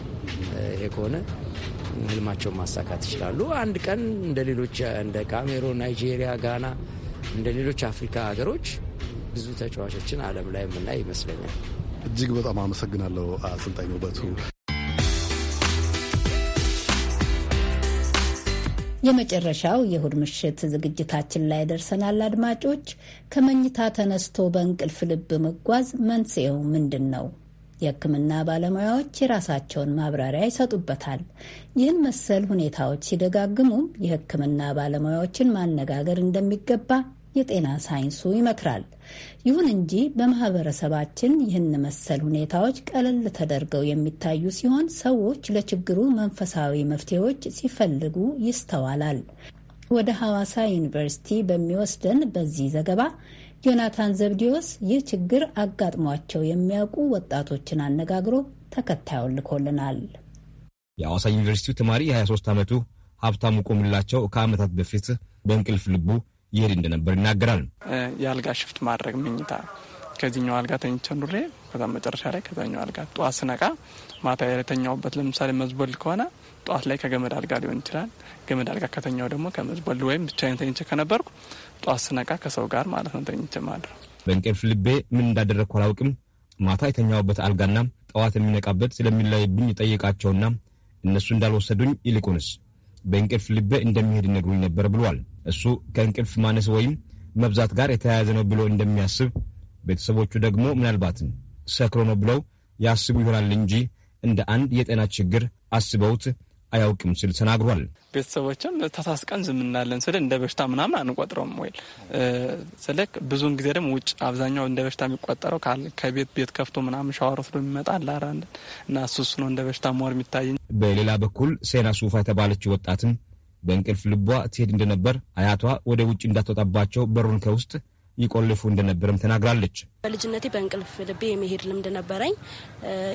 ይሄ ከሆነ ህልማቸውን ማሳካት ይችላሉ። አንድ ቀን እንደ ሌሎች እንደ ካሜሮን፣ ናይጄሪያ፣ ጋና እንደ ሌሎች አፍሪካ ሀገሮች ብዙ ተጫዋቾችን ዓለም ላይ የምናይ ይመስለኛል። እጅግ በጣም አመሰግናለሁ አሰልጣኝ ውበቱ። የመጨረሻው የእሁድ ምሽት ዝግጅታችን ላይ ደርሰናል። አድማጮች፣ ከመኝታ ተነስቶ በእንቅልፍ ልብ መጓዝ መንስኤው ምንድን ነው? የሕክምና ባለሙያዎች የራሳቸውን ማብራሪያ ይሰጡበታል። ይህን መሰል ሁኔታዎች ሲደጋግሙም የሕክምና ባለሙያዎችን ማነጋገር እንደሚገባ የጤና ሳይንሱ ይመክራል። ይሁን እንጂ በማህበረሰባችን ይህን መሰል ሁኔታዎች ቀለል ተደርገው የሚታዩ ሲሆን ሰዎች ለችግሩ መንፈሳዊ መፍትሄዎች ሲፈልጉ ይስተዋላል። ወደ ሐዋሳ ዩኒቨርሲቲ በሚወስደን በዚህ ዘገባ ዮናታን ዘብዲዮስ ይህ ችግር አጋጥሟቸው የሚያውቁ ወጣቶችን አነጋግሮ ተከታዩን ልኮልናል። የሐዋሳ ዩኒቨርሲቲው ተማሪ የ23 ዓመቱ ሀብታሙ ቆምላቸው ከዓመታት በፊት በእንቅልፍ ልቡ ይሄድ እንደነበር ይናገራል። የአልጋ ሽፍት ማድረግ መኝታ ከዚህኛው አልጋ ተኝቼ ኑሬ ከዛ መጨረሻ ላይ ከዛኛው አልጋ ጠዋት ስነቃ ማታ የተኛውበት ለምሳሌ መዝበል ከሆነ ጠዋት ላይ ከገመድ አልጋ ሊሆን ይችላል። ገመድ አልጋ ከተኛው ደግሞ ከመዝበል ወይም ብቻዬን ተኝቼ ከነበርኩ ጠዋት ስነቃ ከሰው ጋር ማለት ነው ተኝቼ ማድረው። በእንቅልፍ ልቤ ምን እንዳደረግኩ አላውቅም። ማታ የተኛውበት አልጋና ጠዋት የሚነቃበት ስለሚለይብኝ ጠየቃቸውና እነሱ እንዳልወሰዱኝ ይልቁንስ በእንቅልፍ ልቤ እንደሚሄድ ነግሩኝ ነበር ብሏል። እሱ ከእንቅልፍ ማነስ ወይም መብዛት ጋር የተያያዘ ነው ብሎ እንደሚያስብ፣ ቤተሰቦቹ ደግሞ ምናልባትም ሰክሮ ነው ብለው ያስቡ ይሆናል እንጂ እንደ አንድ የጤና ችግር አስበውት አያውቅም ስል ተናግሯል። ቤተሰቦችም ተሳስቀን ዝም እናለን ስለ እንደ በሽታ ምናምን አንቆጥረውም ወይ ስለ ብዙውን ጊዜ ደግሞ ውጭ አብዛኛው እንደ በሽታ የሚቆጠረው ከቤት ቤት ከፍቶ ምናምን ሻወር ወስዶ የሚመጣ አላራለን እና እሱ ነው እንደ በሽታ ሞር የሚታይ። በሌላ በኩል ሴና ሱፋ የተባለች ወጣትም በእንቅልፍ ልቧ ትሄድ እንደነበር፣ አያቷ ወደ ውጭ እንዳትወጣባቸው በሩን ከውስጥ ይቆልፉ እንደነበርም ተናግራለች። በልጅነቴ በእንቅልፍ ልቤ የመሄድ ልምድ ነበረኝ።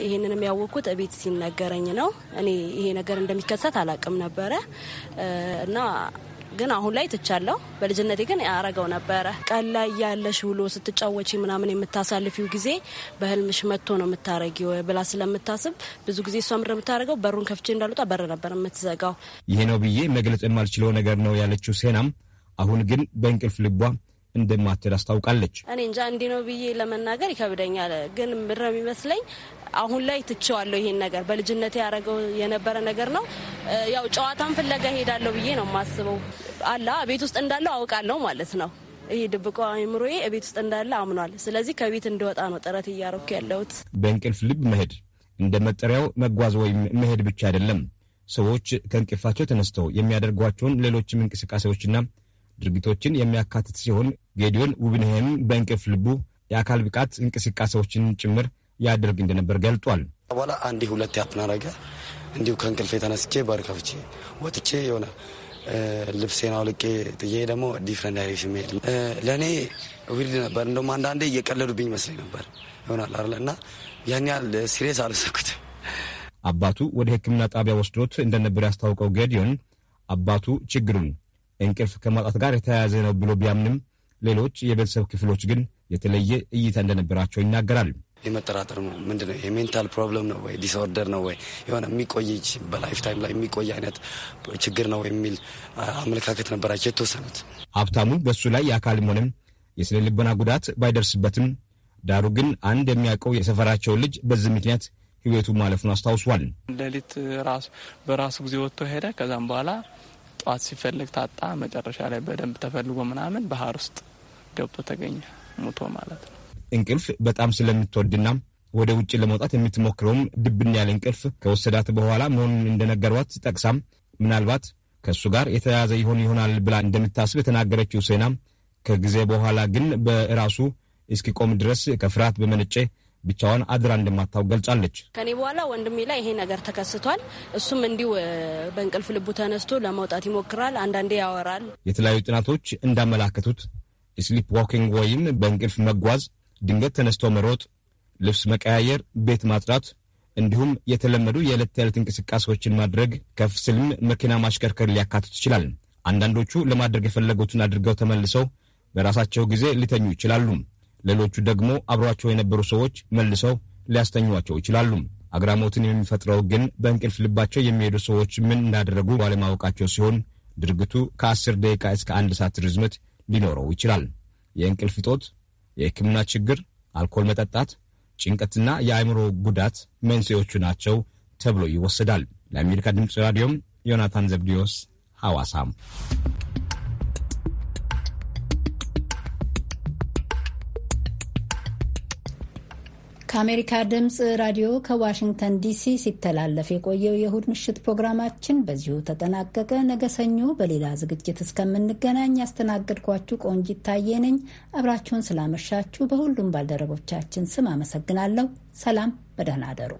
ይህንንም ያወቅኩት እቤት ሲነገረኝ ነው። እኔ ይሄ ነገር እንደሚከሰት አላቅም ነበረ እና ግን አሁን ላይ ትቻለሁ። በልጅነቴ ግን ያረገው ነበረ። ቀን ላይ ያለሽ ውሎ ስትጫወቺ ምናምን የምታሳልፊው ጊዜ በህልምሽ መጥቶ ነው የምታረጊው ብላ ስለምታስብ ብዙ ጊዜ እሷ ምድር የምታደረገው በሩን ከፍቼ እንዳልወጣ በር ነበር የምትዘጋው። ይሄ ነው ብዬ መግለጽ የማልችለው ነገር ነው ያለችው ሴናም አሁን ግን በእንቅልፍ ልቧ እንደማትል አስታውቃለች። እኔ እንጃ እንዲህ ነው ብዬ ለመናገር ይከብደኛል። ግን ምድረ የሚመስለኝ አሁን ላይ ትቼዋለሁ። ይሄን ነገር በልጅነት ያደረገው የነበረ ነገር ነው። ያው ጨዋታን ፍለጋ ሄዳለሁ ብዬ ነው የማስበው። አላ ቤት ውስጥ እንዳለው አውቃለሁ ማለት ነው። ይህ ድብቆ አእምሮዬ ቤት ውስጥ እንዳለ አምኗል። ስለዚህ ከቤት እንደወጣ ነው ጥረት እያረኩ ያለሁት። በእንቅልፍ ልብ መሄድ እንደ መጠሪያው መጓዝ ወይም መሄድ ብቻ አይደለም። ሰዎች ከእንቅልፋቸው ተነስተው የሚያደርጓቸውን ሌሎችም እንቅስቃሴዎችና ድርጊቶችን የሚያካትት ሲሆን ጌዲዮን ውብንሄም በእንቅልፍ ልቡ የአካል ብቃት እንቅስቃሴዎችን ጭምር ያደርግ እንደነበር ገልጧል። በኋላ አንድ ሁለት ያፍናረገ እንዲሁ ከእንቅልፌ ተነስቼ በር ከፍቼ ወጥቼ የሆነ ልብሴን አውልቄ ጥዬ ደግሞ ዲፍረንት ዳይሬክሽን መሄድ ለእኔ ዊርድ ነበር። እንደውም አንዳንዴ እየቀለዱብኝ መስለኝ ነበር ይሆናል አለ እና ያን ያህል ሲሬስ አልሰኩት። አባቱ ወደ ሕክምና ጣቢያ ወስዶት እንደነበር ያስታውቀው ጌዲዮን አባቱ ችግሩን እንቅልፍ ከማጣት ጋር የተያያዘ ነው ብሎ ቢያምንም ሌሎች የቤተሰብ ክፍሎች ግን የተለየ እይታ እንደነበራቸው ይናገራል። የመጠራጠር ነው። ምንድን ነው የሜንታል ፕሮብለም ነው ወይ ዲስኦርደር ነው ወይ የሆነ የሚቆይ በላይፍ ታይም ላይ የሚቆይ አይነት ችግር ነው የሚል አመለካከት ነበራቸው የተወሰኑት። ሀብታሙ በሱ ላይ የአካልም ሆነ የስነ ልቦና ጉዳት ባይደርስበትም ዳሩ ግን አንድ የሚያውቀው የሰፈራቸውን ልጅ በዚህ ምክንያት ህይወቱ ማለፉን አስታውሷል። ሌሊት ራሱ በራሱ ጊዜ ወጥቶ ሄደ። ከዛም በኋላ ጠዋት ሲፈልግ ታጣ። መጨረሻ ላይ በደንብ ተፈልጎ ምናምን ባህር ውስጥ ገብቶ ተገኘ ሙቶ ማለት ነው። እንቅልፍ በጣም ስለምትወድና ወደ ውጭ ለመውጣት የምትሞክረውም ድብን ያለ እንቅልፍ ከወሰዳት በኋላ መሆኑን እንደነገሯት ጠቅሳም ምናልባት ከእሱ ጋር የተያያዘ ይሆን ይሆናል ብላ እንደምታስብ የተናገረችው ሴና ከጊዜ በኋላ ግን በራሱ እስኪቆም ድረስ ከፍርሃት በመነጨ ብቻዋን አድራ እንደማታው ገልጻለች። ከኔ በኋላ ወንድሜ ላይ ይሄ ነገር ተከስቷል። እሱም እንዲሁ በእንቅልፍ ልቡ ተነስቶ ለመውጣት ይሞክራል። አንዳንዴ ያወራል። የተለያዩ ጥናቶች እንዳመላከቱት ስሊፕ ዋኪንግ ወይም በእንቅልፍ መጓዝ ድንገት ተነስቶ መሮጥ፣ ልብስ መቀያየር፣ ቤት ማጥራት እንዲሁም የተለመዱ የዕለት ተዕለት እንቅስቃሴዎችን ማድረግ ከፍ ሲልም መኪና ማሽከርከር ሊያካትት ይችላል። አንዳንዶቹ ለማድረግ የፈለጉትን አድርገው ተመልሰው በራሳቸው ጊዜ ሊተኙ ይችላሉ። ሌሎቹ ደግሞ አብሯቸው የነበሩ ሰዎች መልሰው ሊያስተኟቸው ይችላሉ። አግራሞትን የሚፈጥረው ግን በእንቅልፍ ልባቸው የሚሄዱ ሰዎች ምን እንዳደረጉ ባለማወቃቸው ሲሆን ድርጊቱ ከ10 ደቂቃ እስከ አንድ ሰዓት ርዝመት ሊኖረው ይችላል። የእንቅልፍ እጦት የሕክምና ችግር፣ አልኮል መጠጣት፣ ጭንቀትና የአእምሮ ጉዳት መንስኤዎቹ ናቸው ተብሎ ይወሰዳል። ለአሜሪካ ድምፅ ራዲዮም ዮናታን ዘብዲዮስ ሐዋሳም ከአሜሪካ ድምፅ ራዲዮ ከዋሽንግተን ዲሲ ሲተላለፍ የቆየው የእሁድ ምሽት ፕሮግራማችን በዚሁ ተጠናቀቀ። ነገ ሰኞ በሌላ ዝግጅት እስከምንገናኝ ያስተናገድኳችሁ ቆንጂት ታዬ ነኝ። አብራችሁን ስላመሻችሁ በሁሉም ባልደረቦቻችን ስም አመሰግናለሁ። ሰላም፣ በደህና አደሩ።